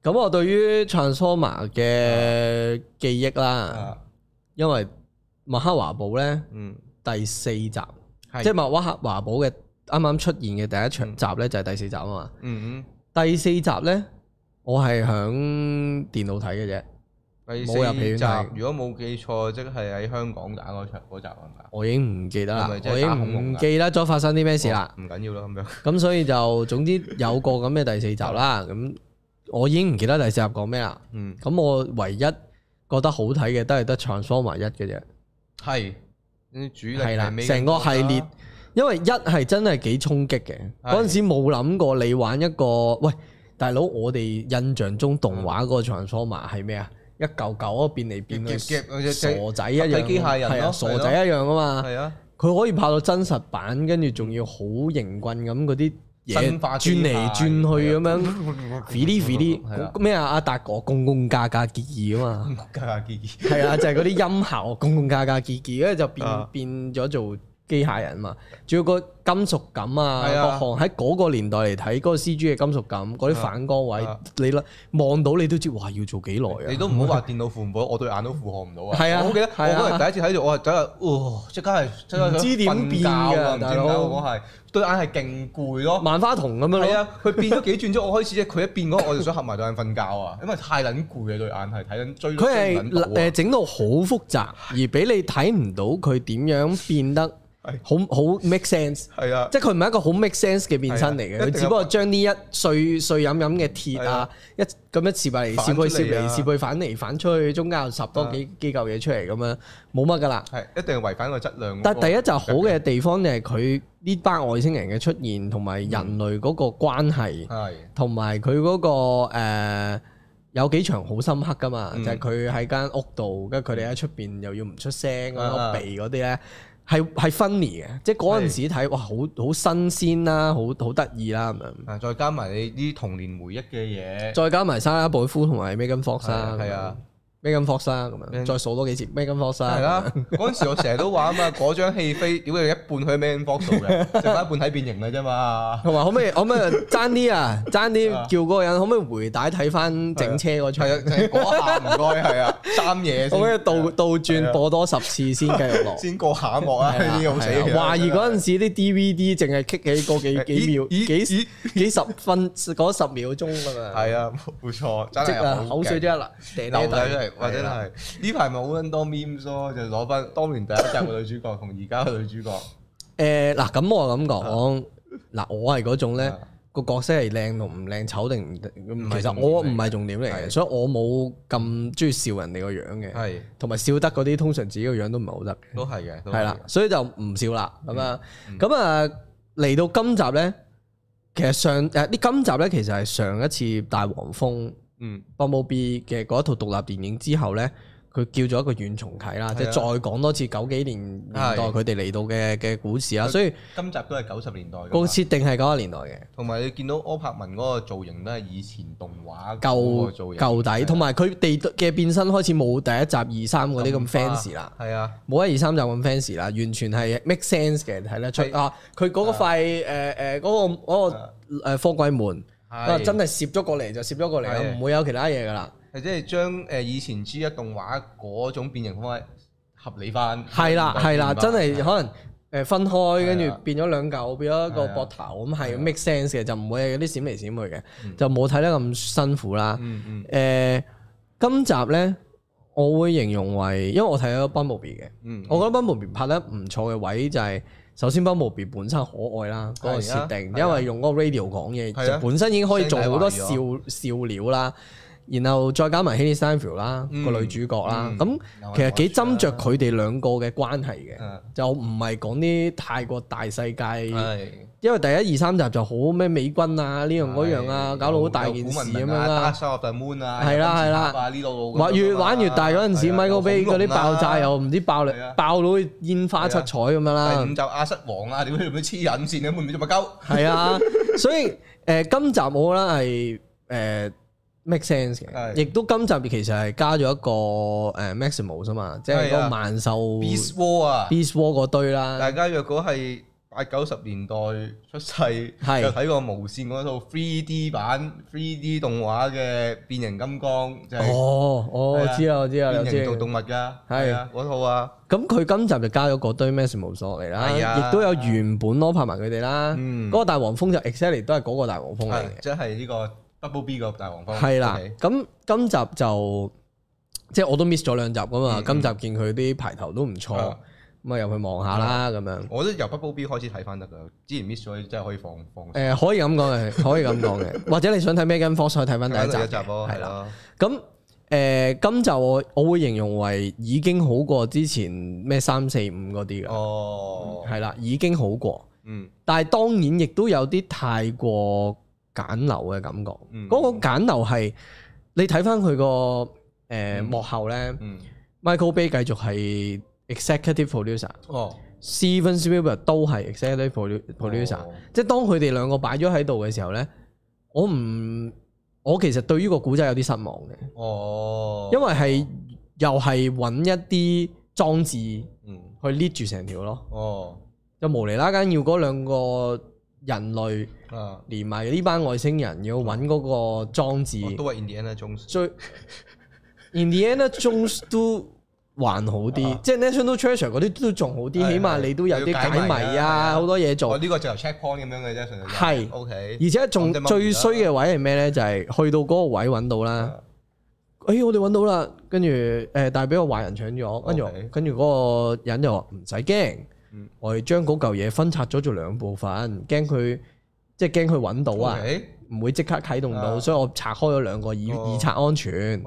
咁我對於 Transformer 嘅記憶啦，啊、因為華《麥克華堡》咧，嗯，第四集，的即係《麥哇克華堡》嘅啱啱出現嘅第一場集咧，就係第四集啊嘛。嗯嗯，第四集咧，我係響電腦睇嘅啫。冇第四,四集，如果冇記錯，即係喺香港打嗰場嗰集係咪？我已經唔記得啦，是是我已經唔記得咗發生啲咩事、哦、啦。唔緊要咯，咁樣。咁所以就總之有個咁嘅第四集啦。咁 我已經唔記得第四集講咩啦。嗯。咁我唯一覺得好睇嘅都係得 Transformer 一嘅啫。係。啲主力係啦，成個系列，嗯、因為一係真係幾衝擊嘅。嗰陣是時冇諗過你玩一個，喂，大佬，我哋印象中動畫嗰個 Transformer 係咩啊？一嚿嚿嗰變嚟變去，傻仔一樣，係啊，傻仔一樣啊嘛。佢是吧 可以拍到真實版，跟住仲要好型棍咁，嗰啲嘢轉嚟轉去咁法樣 fit 啲 fit 啲。咩是的 啊？阿達哥，公公加加結結啊嘛， 加加結結。係啊，就係嗰啲音效， 公公加加結結，跟住就變 變咗做。機械人嘛，仲要個金屬感啊！各行喺嗰個年代嚟睇嗰個 CG 嘅金屬感，嗰啲反光位，你咧望到你都知話要做幾耐啊！你都唔好話電腦負唔負，我對眼都負荷唔到啊！係啊，我好記得我嗰日第一次睇到，我啊真係，哇！即刻係即刻瞓覺啊！整到我係對眼係勁攰咯，萬花筒咁樣咯，係啊！佢變咗幾轉之後，我開始啫，佢一變嗰我就想合埋對眼瞓覺啊，因為太撚攰啊對眼係睇緊追。佢係誒整到好複雜，而俾你睇唔到佢點樣變得。好好 make sense，係啊，即係佢唔係一個好 make sense 嘅變身嚟嘅，佢只不過將呢一碎碎飲飲嘅鐵啊，一咁樣折嚟折去折嚟折去反嚟反出去，中間有十多幾幾嚿嘢出嚟咁樣，冇乜噶啦。係，一定係違反個質量。但係第一就好嘅地方就係佢呢班外星人嘅出現同埋人類嗰個關係，同埋佢嗰個誒有幾場好深刻噶嘛，就係佢喺間屋度，跟住佢哋喺出邊又要唔出聲啊、避嗰啲咧。係係分離嘅，即係嗰陣時睇，哇！好新鮮啦，好好得意啦。再加埋你啲童年回憶嘅嘢。再加埋沙拉布夫同埋 Megan Fox。係啊。咩金佛山啊咁樣，再數多幾次咩金佛山？係啦，嗰陣時我成日都玩嘛，嗰張戲飛屌有一半去咩金佛山嘅，剩翻一半睇變形嘅啫嘛。同埋可唔可以可唔可以爭啲啊？爭啲叫嗰個人可唔可以回帶睇翻整車嗰出？唔該係啊，爭嘢。我諗要倒倒轉播多十次先繼續落。先過下一幕啊！呢懷疑嗰陣時啲 D V D 淨係棘起嗰幾幾秒，幾幾幾十分，嗰十秒鐘咁樣。係啊，冇錯，真係口水都一甩，或者係呢排咪好多 memes 咯，就攞翻當年第一集嘅女主角同而家嘅女主角。誒、呃，嗱咁我咁講，嗱、 呃、我係嗰種咧個 角色係靚同唔靚醜定唔， 其實我唔係重點嚟嘅，的所以我冇咁中意笑人哋個樣嘅，同埋的笑得嗰啲通常自己個樣都唔係好得。嘅。都係嘅，係啦，所以就唔笑啦咁、嗯嗯、啊，咁啊嚟到今集咧，其實上誒啲今集咧，其實係上一次大黃蜂。嗯，《Bumblebee》嘅嗰一套獨立電影之後咧，佢叫做一個軟重啟啦，即係再講多次九幾年年代佢哋嚟到嘅嘅故事啦。所以今集都係九十年代。個設定係嗰個年代嘅，同埋你見到柯柏文嗰個造型都係以前動畫舊造型、舊底，同埋佢哋嘅變身開始冇第一集、二三嗰啲咁 fancy 啦，係啊，冇一、二、三集咁 fancy 啦，完全係 make sense 嘅，睇得出。啊，佢嗰個塊誒誒嗰個嗰個誒貨櫃門。真係攝咗過嚟就攝咗過嚟，唔會有其他嘢噶啦。或者將誒以前 G1 動畫嗰種變形方式合理翻。係啦，係啦，真係可能誒分開，跟住變咗兩嚿，變咗一個膊頭咁，係 make sense 嘅，就唔會有啲閃嚟閃去嘅，就冇睇得咁辛苦啦。嗯，今集呢，我會形容為，因為我睇咗《Bumblebee》嘅，我覺得《Bumblebee》拍得唔錯嘅位就係。首先，Bumblebee 本身可愛啦，嗰、那個設定，啊、因為用嗰個 radio 講嘢，啊、就本身已經可以做好多笑、啊、笑，笑料啦。然後再加埋 Hailee Steinfeld 啦，個女主角啦，咁其實幾斟酌佢哋兩個嘅關係嘅，就唔係講啲太過大世界，因為第一二三集就好咩美軍啊呢樣嗰樣啊，搞到好大件事咁樣啦，收學弟 Moon 啊，係啦係啦，越玩越大嗰陣時，Michael Bay 嗰啲爆炸又唔知爆爆到煙花七彩咁樣啦，第五集亞瑟王啊，點點點黐引線啊，悶唔悶做乜鳩？係啊，所以誒今集我啦係誒。make sense 嘅，亦都今集其實係加咗一個誒 maximal 啫嘛，即係嗰個萬獸 Beast War 啊 Beast War 嗰堆啦。大家若果係八九十年代出世，又睇過無線嗰套 3D 版 3D 動畫嘅變形金剛，就哦，我知啦，我知啦，變形動物㗎，係嗰套啊。咁佢今集就加咗嗰堆 maximal 嚟啦，亦都有原本咯拍埋佢哋啦。嗰個大黃蜂就 exactly 都係嗰個大黃蜂嚟嘅，即係呢個。Bubble B 個大黃蜂係啦，咁今集就即係我都 miss 咗兩集噶嘛，今集見佢啲排頭都唔錯，咁啊入去望下啦咁樣。我都由 Bumblebee 開始睇翻得噶，之前 miss 咗真係可以放放。誒，可以咁講嘅，可以咁講嘅。或者你想睇咩 Megan Fox 可以睇翻第一集一集咯，係啦。咁誒，今集我我會形容為已經好過之前咩三四五嗰啲噶。哦，係啦，已經好過。嗯，但係當然亦都有啲太過簡流嘅感覺，嗰、嗯、個簡流係你睇翻佢個誒幕後咧、嗯、，Michael Bay 繼續係 Executive Producer，Steven、哦、Spielberg 都係 Executive Producer，、哦、即係當佢哋兩個擺咗喺度嘅時候咧，我唔我其實對於個古仔有啲失望嘅，哦，因為係又係揾一啲裝置去 lead 住成條咯，哦，就、哦、無厘啦更要嗰兩個。人類連埋呢班外星人要揾嗰個裝置，都係 Indiana Jones 啦。最 Indiana Jones 都還好啲，即係 national treasure 嗰啲都仲好啲，起碼你都有啲解謎啊，好多嘢，做。呢個就由 checkpoint 咁樣嘅啫，純粹係。OK。而且仲最衰嘅位係咩咧？就係去到嗰個位揾到啦。哎，我哋揾到啦，跟住誒，但係俾個壞人搶咗，跟住跟住嗰個人就話唔使驚。我哋將嗰嚿嘢分拆咗做兩部分，驚佢即係驚佢揾到啊，唔 Okay? 會即刻啟動到，Yeah. 所以我拆開咗兩個以、oh. 以策安全。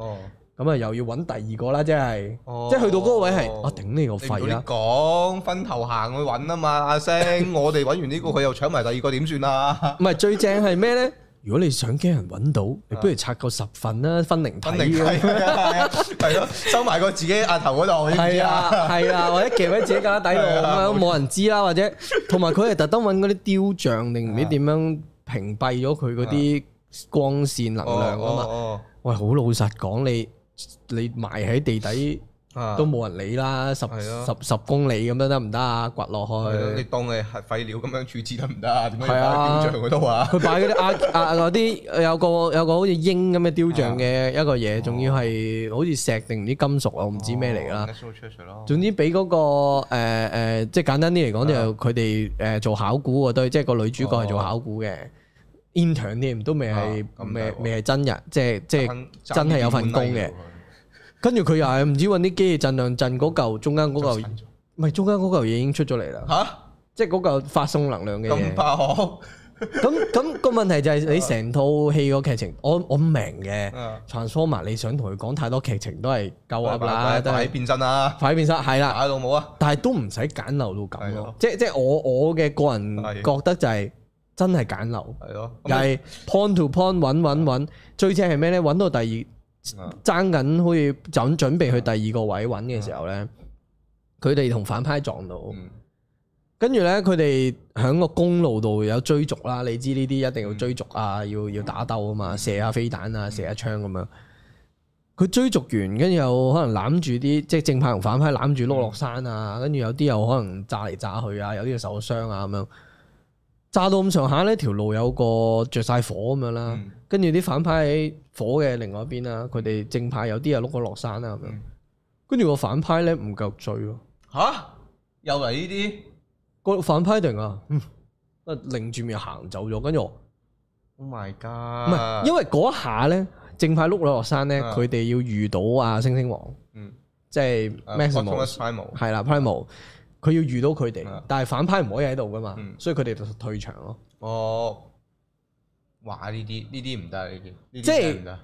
咁啊，又要揾第二個啦，即係、oh. 即係去到嗰個位係，我、啊、頂你個肺啦！講分頭行去揾啊嘛，阿星，我哋揾完呢、呢個，佢又搶埋第二個，點算啊？唔係 最正係咩咧？ 如果你想驚人揾到，啊、你不如拆個十份啦，分靈體，啊、分靈體，係咯、啊，收埋個自己額頭嗰度，係啊，係啊，啊，或者騎喺自己架底度咁啊，冇人知啦，或者同埋佢係特登揾嗰啲雕像，定唔知點樣屏蔽咗佢嗰啲光線能量啊嘛、啊啊嗯嗯，喂，好老實講，你你埋喺地底。都冇人理啦，十十十公里咁樣得唔得啊？掘落去，你當係廢料咁樣處置得唔得啊？點啊，雕像嗰度啊？佢擺嗰啲啊啊嗰啲有個有個好似鷹咁嘅雕像嘅一個嘢，仲要係好似石定啲金屬啊！我唔知咩嚟㗎啦。總之俾嗰個誒誒，即係簡單啲嚟講就佢哋誒做考古啊，對，即係個女主角係做考古嘅 intern 添，都未係未未係真人，即係即係真係有份工嘅。跟住佢又係唔知搵啲機器盡量盡嗰嚿中間嗰嚿，唔係中間嗰嚿嘢已經出咗嚟啦。吓？即係嗰嚿發送能量嘅。咁咁咁個問題就係你成套戲個劇情，我我唔明嘅。Transformer 你想同佢講太多劇情都係夠啊，都快變身啊！快變身係啦。快到冇啊！但係都唔使簡陋到咁咯。即即我我嘅個人覺得就係真係簡陋。係咯。就係 point to point 揾揾揾，最正係咩咧？揾到第二。爭緊，可以就咁準備去第二個位揾嘅時候呢，佢哋同反派撞到，跟住呢，佢哋喺個公路度有追逐啦。你知呢啲一定要追逐啊，要、嗯、要打鬥啊嘛，射下飛彈啊，射下槍咁樣。佢追逐完，跟住又可能攬住啲即係正派同反派攬住碌落山啊。跟住、嗯、有啲又可能炸嚟炸去啊，有啲又受傷啊咁樣。炸到咁上下，呢條路有個着晒火咁樣啦，跟住啲反派喺火嘅另外一邊啦，佢哋正派有啲又碌落落山啦咁樣，跟住個反派咧唔夠醉咯。吓、啊，又嚟呢啲個反派定啊？嗯，啊擰住面行走咗，跟住我。Oh my god！唔係，因為嗰下咧正派碌落落山咧，佢哋、啊、要遇到啊星星王，嗯，即係 Maximal 係啦，Primal。Primal，佢要遇到佢哋，是的 但係反派唔可以喺度㗎嘛，嗯、所以佢哋就退場囉、哦。我話呢啲呢啲唔得，呢啲即係唔得。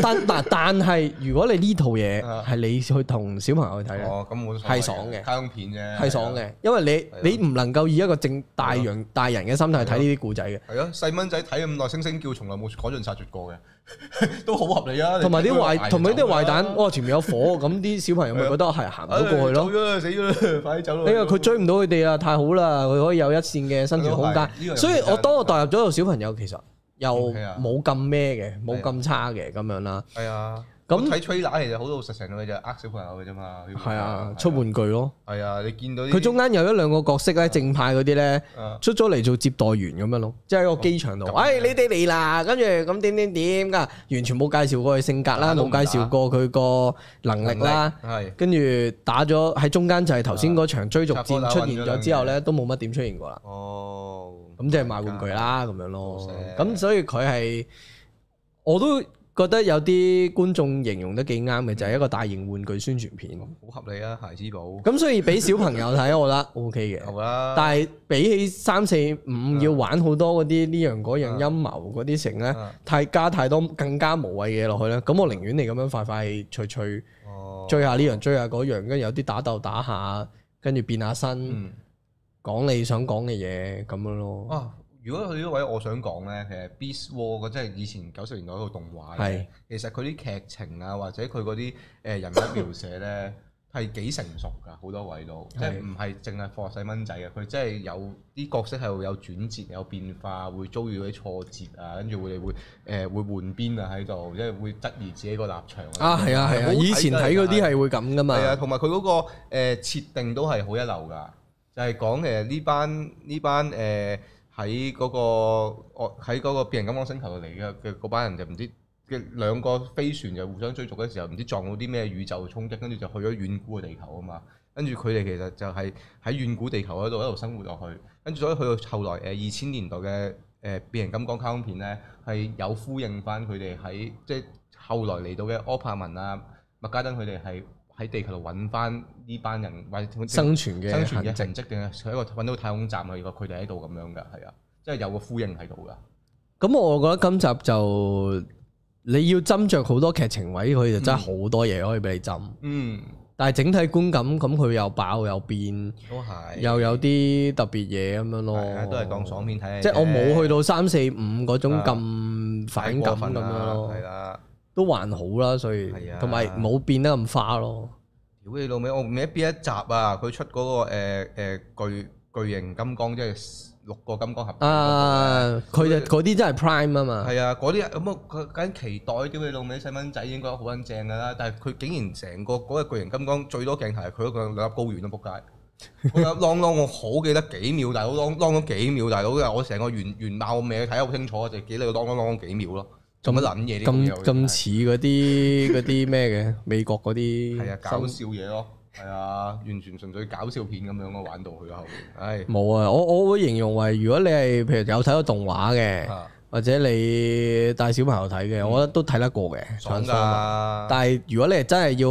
但但但係，如果你呢套嘢係你去同小朋友去睇，哦咁冇錯，係爽嘅卡通片啫，係爽嘅，因為你你唔能夠以一個正大人、大人嘅心態去睇呢啲故仔嘅。係咯，細蚊仔睇咁耐，星星叫從來冇趕盡殺絕過嘅，都好合理啊。同埋啲壞，同埋啲壞蛋，哇！前面有火，咁啲小朋友咪覺得係行咗過去咯，走咗死咗啦，快啲走咯。你話佢追唔到佢哋啊，太好啦，佢可以有一線嘅生存空間。所以，我當我代入咗個小朋友，其實。又冇咁咩嘅，冇咁差嘅咁樣啦。係啊，咁睇吹奶其實好到實成，佢就呃小朋友嘅啫嘛。係啊，出玩具咯。係啊，你見到佢中間有一兩個角色咧，正派嗰啲咧出咗嚟做接待員咁樣咯，即係喺個機場度。哎，你哋嚟啦，跟住咁點點點㗎，完全冇介紹過佢性格啦，冇介紹過佢個能力啦。係，跟住打咗喺中間就係頭先嗰場追逐戰出現咗之後咧，都冇乜點出現過啦。哦。咁即係賣玩具啦，咁樣咯。咁所以佢係我都覺得有啲觀眾形容得幾啱嘅，就係一個大型玩具宣傳片，好合理啊！孩子寶。咁所以俾小朋友睇，我覺得 O K 嘅。好啦。但係比起三四五，要玩好多嗰啲呢樣嗰樣陰謀嗰啲成咧，太加太多更加無謂嘅嘢落去咧。咁我寧願你咁樣快快趣趣，追下呢樣追下嗰樣，跟住有啲打鬥打下，跟住變下身。講你想講嘅嘢咁樣咯。啊，如果佢呢位我想講咧，其實《Beast Wars》嘅即係以前九十年代一個動畫嘅，其實佢啲劇情啊，或者佢嗰啲誒人物描寫咧，係幾成熟㗎，好多位都即係唔係淨係放細蚊仔嘅，佢真係有啲角色係會有轉折、有變化，會遭遇啲挫折啊，跟住會會誒會換邊啊喺度，即係會質疑自己個立場啊。係啊係啊，以前睇嗰啲係會咁㗎嘛。係啊，同埋佢嗰個誒設定都係好一流㗎。就係講誒呢班呢班誒喺嗰個我喺嗰個變形金剛星球度嚟嘅嘅嗰班人，就唔知嘅兩個飛船就互相追逐嘅時候唔知撞到啲咩宇宙衝擊，跟住就去咗遠古嘅地球啊嘛。跟住佢哋其實就係喺遠古地球嗰度一路生活落去。跟住所以去到後來誒二千年代嘅誒變形金剛卡通片咧，係有呼應返佢哋喺即係後來嚟到嘅柯柏文啊麥加登佢哋係。喺地球度揾翻呢班人，揾生存嘅痕跡，定係喺一個揾到太空站如果佢哋喺度咁樣嘅，係啊，即係有個呼應喺度嘅。咁我覺得今集就你要斟酌好多劇情位，佢就真係好多嘢可以俾你斟。嗯。但係整體觀感咁佢又飽又變，都係是又有啲特別嘢咁樣咯。大都係當爽片睇，即係我冇去到三四五嗰種咁反感咁樣咯。都還好啦，所以同埋冇變得咁花咯。屌你老味，我唔記得邊一集啊，佢出嗰個誒誒巨巨型金剛，即係六個金剛合啊！佢就嗰啲真係 Prime 啊嘛。係啊，嗰啲咁啊，佢梗期待，屌你老味，細蚊仔應該好撚正㗎啦。但係佢竟然成個嗰個巨型金剛最多鏡頭係佢嗰個兩粒高原啊！撲街，我又啷啷，我好記得幾秒，大佬啷啷咗幾秒，大佬，我成個原原貌嘅面睇得好清楚，就係幾嚟啷啷啷啷幾秒咯。咁似嗰啲啲咩嘅？美國嗰啲搞笑嘢咯，係啊，完全純粹搞笑片咁樣嘅玩到佢後邊。冇啊，我我會形容為，如果你係譬如有睇到動畫嘅，或者你帶小朋友睇嘅，我覺得都睇得過嘅，但係如果你係真係要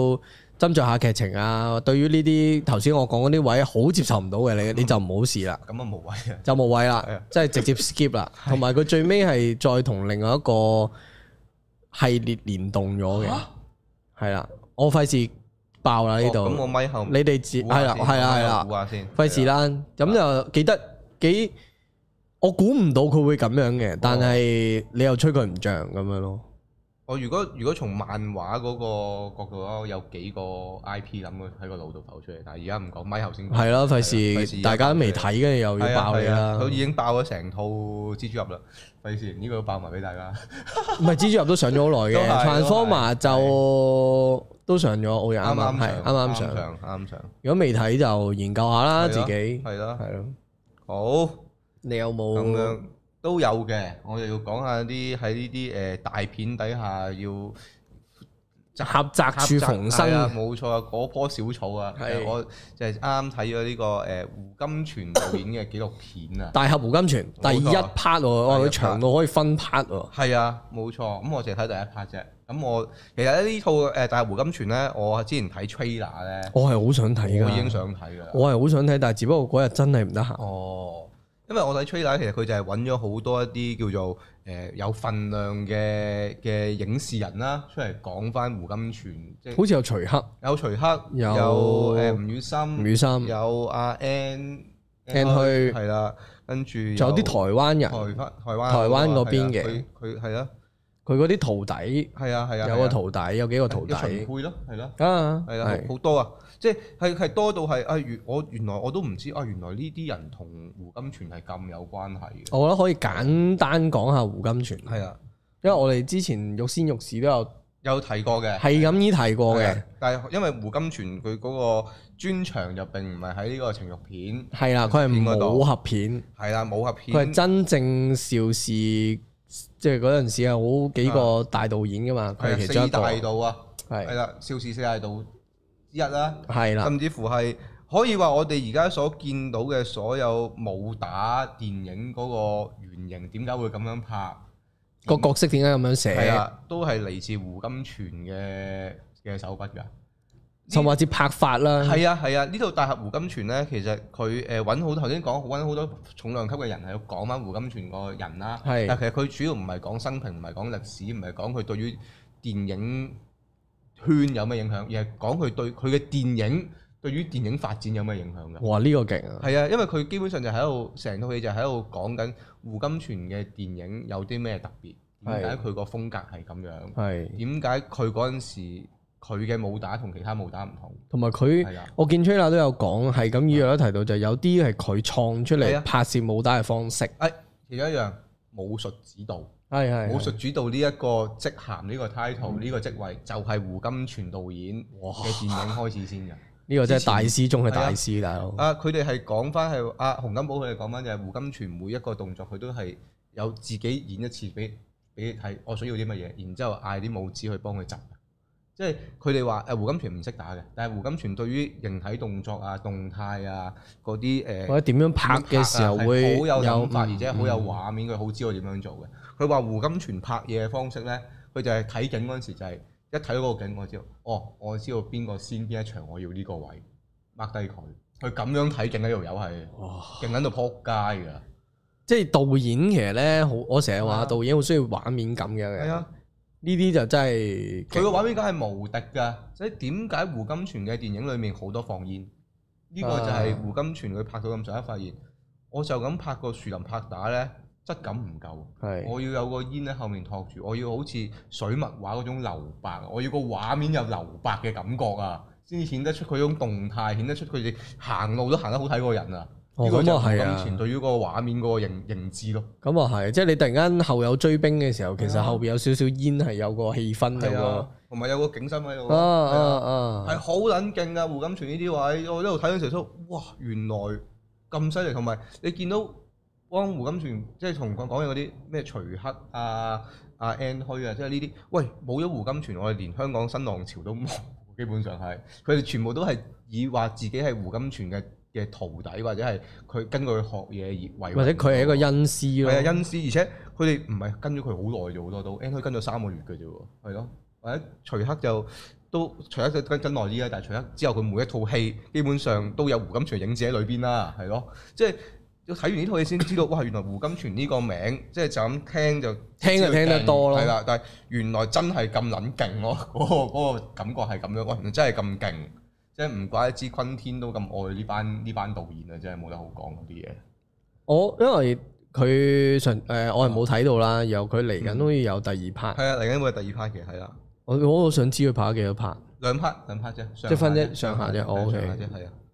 斟酌下劇情啊，對於呢啲頭先我講嗰啲位好接受唔到嘅，你你就唔好試啦。咁啊無謂，就無謂啦，即係直接 skip 啦。同埋佢最尾係再同另外一個。系列連動咗嘅，係啦蛤，我費事爆啦呢度。咁、哦裡哦、我咪後，你哋接，係啦、嗯，係啦的，係啦，費事啦。咁就記得的幾。我估唔到佢會咁樣嘅，但係你又吹佢唔漲咁樣咯。我如果如果從漫畫嗰個角度咯，有幾個 IP 諗喺個腦度跑出嚟，但係而家唔講，咪後先。係咯，費事大家都未睇跟住又要爆你啦。佢已經爆咗成套蜘蛛俠啦，費事呢個爆埋俾大家。唔係蜘蛛俠都上咗好耐嘅，Transformer 就都上咗，我哋啱啱係啱啱上。啱上，如果未睇就研究下啦，自己。係咯，係咯。好，你有冇？都有嘅，我哋要講下啲喺呢啲誒大片底下要狹窄處逢生，冇錯啊！嗰棵小草啊是、呃，我就係啱啱睇咗呢個誒、呃、胡金銓導演嘅紀錄片啊！ 大俠胡金銓，第一 part，錯我話佢長到可以分 part 喎。係啊，冇錯。咁我淨係睇第一 part 啫。咁我其實呢套誒大俠胡金銓咧，我之前睇 trailer 咧，我係好想睇噶，我已經想睇噶，我係好想睇，但係只不過嗰日真係唔得閒。哦。因為我睇《吹奶》，其實佢就係揾咗好多一啲叫做誒有份量嘅嘅影視人啦，出嚟講返胡金銓，好似有徐克，有徐克，有誒吳宇森，吳宇森，有阿、啊、An n An 去，係啦，跟住仲有啲台灣人，台灣台灣嗰邊嘅，佢佢係啦。佢嗰啲徒弟係啊係啊，有個徒弟，有幾個徒弟一層配咯，係咯，梗係係啊，好多啊，即係係多到係啊，原我原來我都唔知啊，原來呢啲人同胡金銓係咁有關係嘅。我覺得可以簡單講下胡金銓係啊，因為我哋之前玉先玉史都有有提過嘅，係咁依提過嘅。但係因為胡金銓佢嗰個專長就並唔係喺呢個情慾片，係啦，佢係武俠片，係啦，武俠片，佢係真正邵氏。即係嗰陣時係好幾個大導演噶嘛，佢係的其中四大導啊，係啦的，邵氏四大導之一啦，係啦的，甚至乎係可以話我哋而家所見到嘅所有武打電影嗰個原型，點解會咁樣拍？個角色點解咁樣寫？係啦，都係嚟自胡金銓嘅嘅手筆噶。就甚至拍法啦，係啊係啊，呢套《大俠胡金銓》咧，其實佢誒揾好，頭先講揾好多重量級嘅人喺度講翻胡金銓個人啦。是但其實佢主要唔係講生平，唔係講歷史，唔係講佢對於電影圈有咩影響，而係講佢對佢嘅電影對於電影發展有咩影響㗎。哇！呢個勁啊！係啊，因為佢基本上就喺度成套戲就喺度講緊胡金銓嘅電影有啲咩特別，點解佢個風格係咁樣，點解佢嗰陣時。佢嘅武打同其他武打唔同，同埋佢，的我見 trailer 都有講，係咁，一樣都提到就有啲係佢創出嚟拍攝武打嘅方式。誒、哎，其中一樣武術指導，的武術指導呢一個職銜的、呢個 title、呢個職位，就係胡金銓導演嘅電影開始先嘅。呢哇前個真係大師中嘅大師，大佬的的、啊。啊，佢哋係講翻係阿洪金寶，佢哋講翻就係胡金銓，每一個動作，佢都係有自己演一次俾俾睇，我想要啲乜嘢，然之後嗌啲武師去幫佢集。即係佢哋話誒胡金銓唔識打嘅，但係胡金銓對於形體動作啊、動態啊嗰啲誒，或者點樣拍嘅時候會好有手法，有而且好有畫面，佢好、嗯、知我點樣做嘅。佢話胡金銓拍嘢嘅方式咧，佢就係睇景嗰陣時就係、是、一睇到個景，我知道，哦，我知道邊個先邊一場，我要呢個位，mark 低佢。佢咁樣睇景嗰條友係勁撚到撲街㗎。即係導演其實咧，好我成日話導演好需要畫面感嘅。係啊。呢啲就真係佢個畫面梗係無敵㗎，所以點解胡金銓嘅電影裏面好多放煙？呢、呢個就係胡金銓佢拍到咁上下發現，我就咁拍個樹林拍打咧，質感唔夠，是我要有個煙喺後面托住，我要好似水墨畫嗰種留白，我要個畫面有留白嘅感覺啊，先顯得出佢種動態，顯得出佢哋行路都行得好睇過人啊！如果真係啊！哦、以前對於個畫面個認認知咯。咁啊係，形啊即係你突然間後有追兵嘅時候，啊、其實後邊有少少煙係有個氣氛嘅喎，同埋有個景深喺度，係好、啊啊、冷靜噶。胡金銓呢啲位，我一路睇到時出，哇原來咁犀利！同埋你見到汪胡金銓，即係同佢講嘢嗰啲咩徐克啊、啊 Ann 啊，即係呢啲，喂冇咗胡金銓，我哋連香港新浪潮都冇，基本上係佢哋全部都係以話自己係胡金銓嘅。嘅徒弟或者係佢跟佢學嘢而，或者佢係一個恩師咯。係啊，恩師，而且佢哋唔係跟咗佢好耐嘅，好多都，應該跟咗三個月嘅啫喎。係咯，或者徐克就都徐克就跟耐啲啦，但係徐克之後佢每一套戲基本上都有胡金銓影子喺裏邊啦，係咯，即係要睇完呢套戲先知道， 哇！原來胡金銓呢個名即係就咁、是、聽就聽就聽得多咯，係啦，但係原來真係咁撚勁咯，嗰、嗰個嗰個感覺係咁樣咯，原來真係咁勁。即係唔怪得之昆天都咁愛呢班呢班導演啊！真係冇得好講嗰啲嘢。我因為佢上誒，我係冇睇到啦。又佢嚟緊都要有第二 part。係、嗯、啊，嚟緊會有第二 part 嘅，係啦、啊。我我我想知佢拍咗幾多 part？兩 part，兩 part 啫，即分一上下啫。O K。哦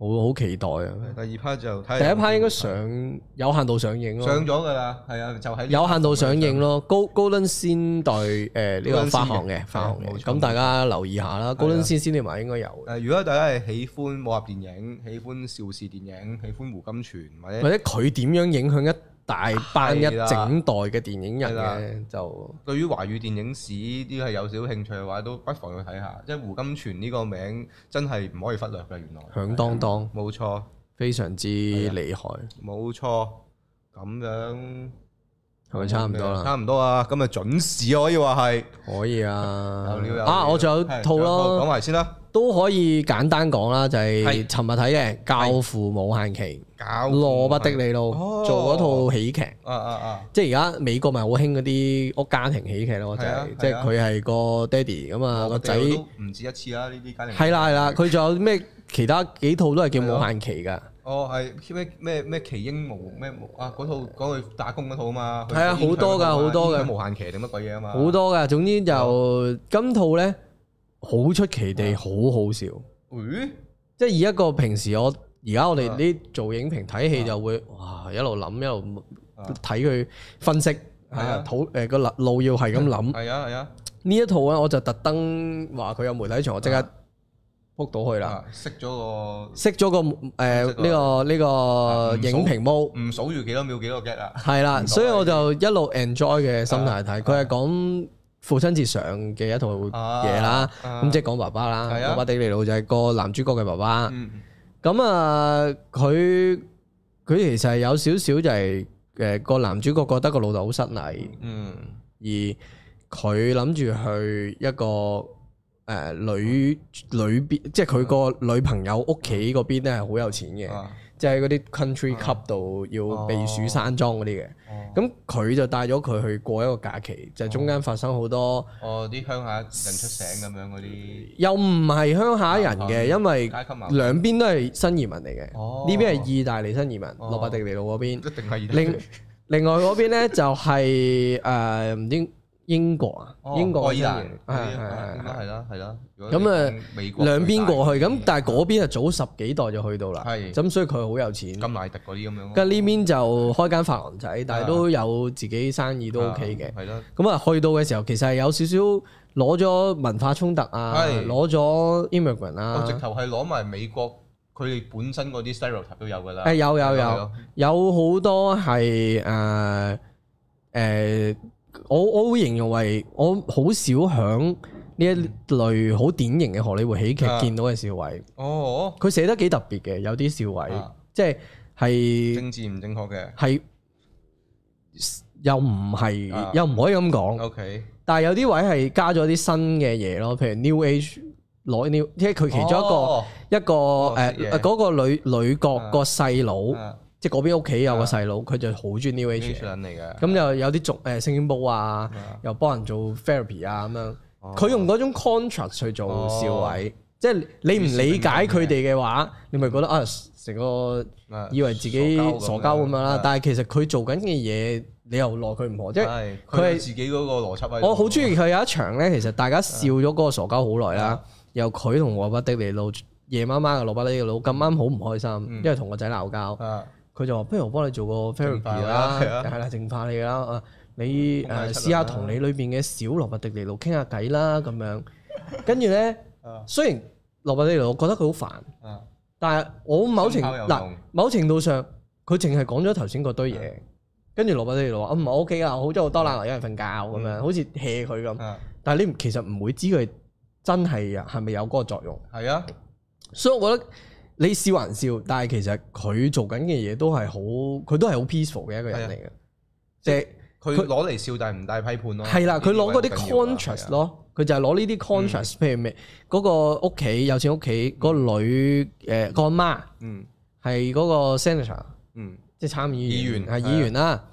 我好期待啊！第二 part 就第一 part 應該上有限度上映咯，上咗噶啦，係啊，就喺有限度上映咯。高高登先代誒呢個發行嘅發行嘅，咁大家留意下啦。高登先先呢排應該有誒。如果大家係喜歡武俠電影、喜歡邵氏電影、喜歡胡金銓或者或者佢點樣影響一大班一整代嘅電影人嘅了就，對於華語電影史啲係有少少興趣嘅話，都不妨去睇下。即係胡金銓呢個名真係唔可以忽略嘅，原來響噹噹，冇錯，非常之厲害，冇錯。咁樣係咪差唔多啦？差唔多啊！今日準時可以話係，可以啊。這個、啊，我仲有套咯，講埋、啊、先啦。都可以簡單講啦，就係尋日睇嘅《教父》無限耆，羅拔迪尼路做嗰套喜劇，啊啊啊！即係而家美國咪好興嗰啲屋家庭喜劇咯，就係即係佢係個 daddy 咁啊，個仔唔止一次啦，呢啲家庭係啦係啦，佢仲有咩其他幾套都係叫無限耆噶。哦，係咩咩咩奇英無咩啊？嗰套講佢打工嗰套啊嘛。係啊，好多噶，好多嘅無限耆定乜鬼嘢啊嘛。好多噶，總之就今套咧。好出奇地好好笑，嗯，即係以一個平時我而家我哋呢做影評睇戲就會哇一路諗一路睇佢分析，係啊，討誒個路要係咁諗，係啊係啊。呢一套咧我就特登話佢有媒體場，我即刻撲到去啦，識咗個識咗個誒呢個呢個影評幕，唔數住幾多秒幾多 get 啦，係啦，所以我就一路 enjoy 嘅心態睇，佢係講。父親節上嘅一套嘢啦，咁、啊啊、即係講爸爸啦，啊、爸爸地你老仔，就係個男主角嘅爸爸。咁、嗯、啊，佢佢其實有少少就係、是，誒、呃、個男主角覺得個老豆好失禮，嗯，而佢諗住去一個誒女女邊，即係佢個女朋友屋企嗰邊咧，係好有錢嘅。就喺嗰啲 country club 度、啊、要避暑山莊嗰啲嘅，咁佢、啊、就帶咗佢去過一個假期，啊、就中間發生好多哦啲、啊、鄉下人出城咁樣嗰啲，又唔係鄉下人嘅，啊、因為兩邊都係新移民嚟嘅，呢、啊、邊係意大利新移民，啊、羅伯迪尼路嗰邊，一定係意大利，另另外嗰邊咧就係誒唔知。英國啊，英國當然係係係啦係啦。咁啊，美國兩邊過去咁，但係嗰邊啊早十幾代就去到啦。係咁，所以佢好有錢。甘迺迪嗰啲咁樣。咁呢邊就開間髮廊仔，但係都有自己生意都 OK 嘅。係啦。咁啊，去到嘅時候其實係有少少攞咗文化衝突啊，攞咗 immigrant 啊。直頭係攞埋美國佢哋本身嗰啲 stereotype 都有㗎啦。誒有有有，有好多係誒誒。我我會形容為我好少響呢一類好典型嘅荷里活喜劇見到嘅笑位。哦，佢寫得幾特別嘅，有啲笑位即係係政治唔正確嘅，係又唔係又唔可以咁講。OK，但係有啲位係加咗啲新嘅嘢咯，譬如 New Age 攞 New，即係佢其中一個一個誒嗰個女女角個細佬。即係嗰邊屋企有個細佬，佢就好中意 new age，精神嚟嘅。咁又有啲做誒星星煲啊，又幫人做 therapy 啊咁樣。佢用嗰種 contract 去做笑位，即係你唔理解佢哋嘅話，你咪覺得啊，成個以為自己傻鳩咁樣啦。但係其實佢做緊嘅嘢，你又奈佢唔何。即係佢係自己嗰個邏輯。我好中意佢有一場咧，其實大家笑咗嗰個傻鳩好耐啦。由佢同羅伯迪尼路夜媽媽嘅羅伯迪尼路咁啱好唔開心，因為同個仔鬧交。佢就話：不如我幫你做個 therapy 啦，係啦，淨化你啦。你誒試下同你裏邊嘅小羅伯迪尼路傾下偈啦，咁樣。跟住咧，雖然羅伯迪尼路我覺得佢好煩，但係我某程嗱某程度上，佢淨係講咗頭先嗰堆嘢。跟住羅伯迪尼路話：啊唔，我 OK 啊，好咗好多，懶埋一陣瞓覺咁樣，好似 hea 佢咁。但係你其實唔會知佢真係啊係咪有嗰個作用？係啊，所以我覺得。你笑還笑，但係其實佢做緊嘅嘢都係好，佢都係好 peaceful 嘅一個人嚟嘅。即係佢攞嚟笑，但係唔帶批判咯。係啦，佢攞嗰啲 contrast 咯，佢就係攞呢啲 contrast。譬如咩？嗰個屋企有錢屋企個女，誒個阿媽，嗯，係嗰個 senator，嗯，即係參議員，係議員啦。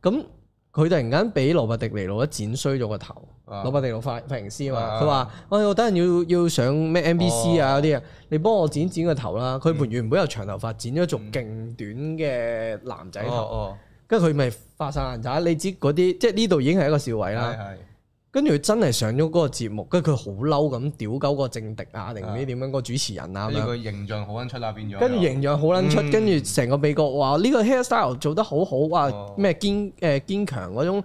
咁佢突然間俾羅伯迪尼路攞一剪衰咗個頭。攞白定龍髮髮型師嘛，佢話，我我等陣要要上咩 NBC 啊嗰啲啊，哦、你幫我剪剪個頭啦。佢原本有長頭髮，剪咗做勁短嘅男仔頭，跟住佢咪髮散男仔。你知嗰啲即係呢度已經係一個笑位啦。哦哦是是跟住佢真係上咗嗰個節目，跟住佢好嬲咁屌鳩個政敵啊，定唔知點樣個主持人啊咁樣。跟住個形象好撚出啊，變咗。跟住形象好撚出，跟住成個美國話呢個 hair style 做得好好，哇咩堅誒堅強嗰種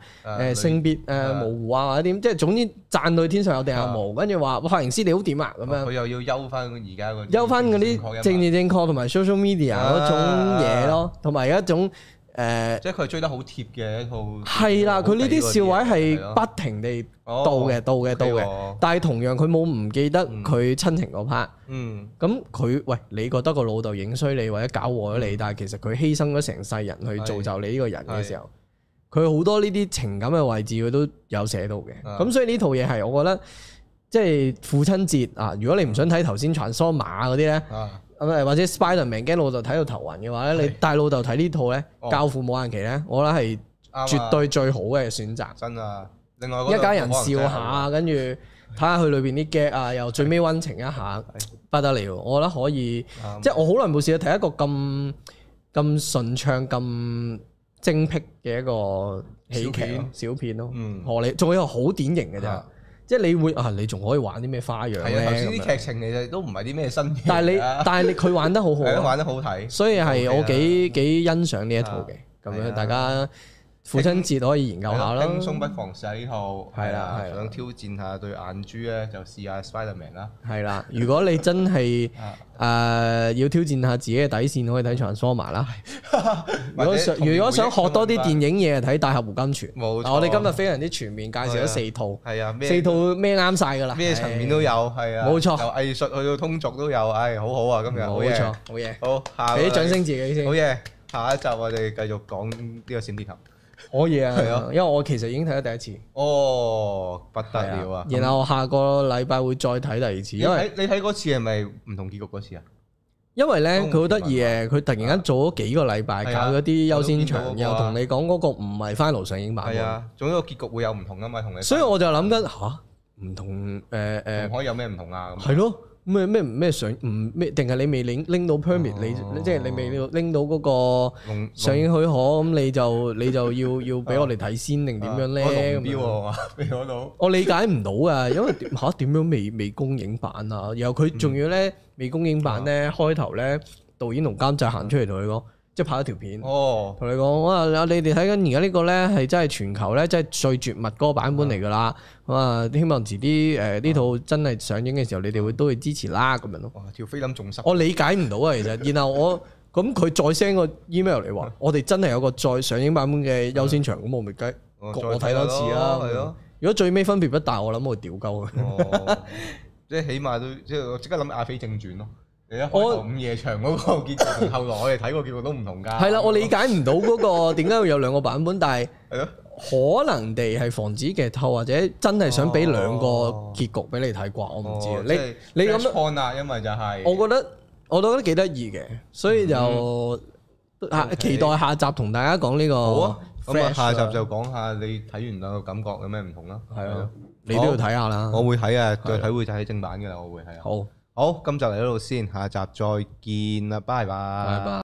性別誒模糊啊或者點，即係總之讚到天上有地下無，跟住話髮型師你好點啊咁樣。佢又要優翻而家嗰優翻嗰啲政治正確同埋 social media 嗰種嘢咯，同埋有一種。誒，即係佢係追得好貼嘅一套。係啦，佢呢啲笑位係不停地到嘅，到嘅，到嘅。但係同樣佢冇唔記得佢親情嗰 part。嗯。咁佢，喂，你覺得個老豆影衰你或者搞和咗你，但係其實佢犧牲咗成世人去造就你呢個人嘅時候，佢好多呢啲情感嘅位置佢都有寫到嘅。咁所以呢套嘢係我覺得，即係父親節啊！如果你唔想睇頭先傳疏馬嗰啲咧。或者 Spider-Man 驚老豆睇到頭暈嘅話咧，你帶老豆睇呢套咧，教父無限耆咧，我覺得係絕對最好嘅選擇。真啊！另外一家人笑下，跟住睇下佢裏邊啲 gag 啊，又最尾溫情一下，不得了！我覺得可以，即係我好耐冇試過睇一個咁咁順暢、咁精闢嘅一個喜劇小片咯。嗯，我你仲有個好典型嘅。即係你會啊！你仲可以玩啲咩花樣咧？頭先啲劇情其實都唔係啲咩新嘅，啊。但係你，但係你佢玩，啊、 玩得好好，係玩得好睇。所以係我幾 Okay. 幾欣賞呢一套嘅咁 Yeah. 樣，大家。Yeah. 父親節可以研究下咯，輕鬆不妨四套係啦，想挑戰下對眼珠咧，就試下 Spiderman 啦。係啦，如果你真係誒要挑戰下自己嘅底線，可以睇場《Superman》啦。如果想如果想學多啲電影嘢，睇《大俠胡金銓》。冇錯。我哋今日非常之全面介紹咗四套，係啊，四套咩啱晒㗎啦？咩層面都有，係啊，冇錯。由藝術去到通俗都有，唉，好好啊！今日冇錯，好嘢。好，畀啲掌聲自己先。好嘢，下一集我哋繼續講呢個閃電俠。可以啊，啊因為我其實已經睇咗第一次。哦，不得了啊！啊然後下個禮拜會再睇第二次。因為你睇嗰次係咪唔同結局嗰次啊？因為咧佢好得意嘅，佢突然間做咗幾個禮拜、啊、搞咗啲優先場，又同、那個、你講嗰個唔係 final 上映版啊，仲有個結局會有唔同啊嘛，同你。所以我就諗緊吓，唔同誒誒，可以有咩唔同啊？係咯。呃咩咩咩上唔咩？定係你未拎拎到 permit？、啊、你即係你未拎到拎嗰個上映許可，咁龍、嗯、你就你就要要俾我哋睇先，定點樣咧？目我理解唔到啊，因為吓點樣，、啊、樣未未公映版啊？然後佢仲要咧、嗯、未公映版咧，開頭咧導演同監製行出嚟同佢講。即係拍咗條片，同你講，我話你哋睇緊而家呢個咧，係真係全球咧，真係最絕密嗰個版本嚟噶啦。咁啊，希望遲啲誒呢套真係上映嘅時候，你哋會都去支持啦，咁樣咯。哇，條菲林眾生！我理解唔到啊，其實，然後我咁佢再 send 個 email 嚟話，我哋真係有個再上映版本嘅優先場咁，我咪計我睇多次啦。係咯，如果最尾分別不大，我諗我屌鳩嘅，即係起碼都即係即刻諗阿飛正傳咯。我午夜場嗰個結局同後來我哋睇個結局都唔同㗎。係啦，我理解唔到嗰個點解會有兩個版本，但係可能地係防止劇透，或者真係想俾兩個結局俾你睇啩？我唔知你你咁樣看啦，因為就係我覺得我都覺得幾得意嘅，所以就下期待下集同大家講呢個。好啊，咁啊，下集就講下你睇完兩個感覺有咩唔同啦。係啊，你都要睇下啦。我會睇啊，再睇會就係正版嘅啦。我會睇啊。好。好，今集嚟到呢度先，下一集再見啦，拜拜。拜拜。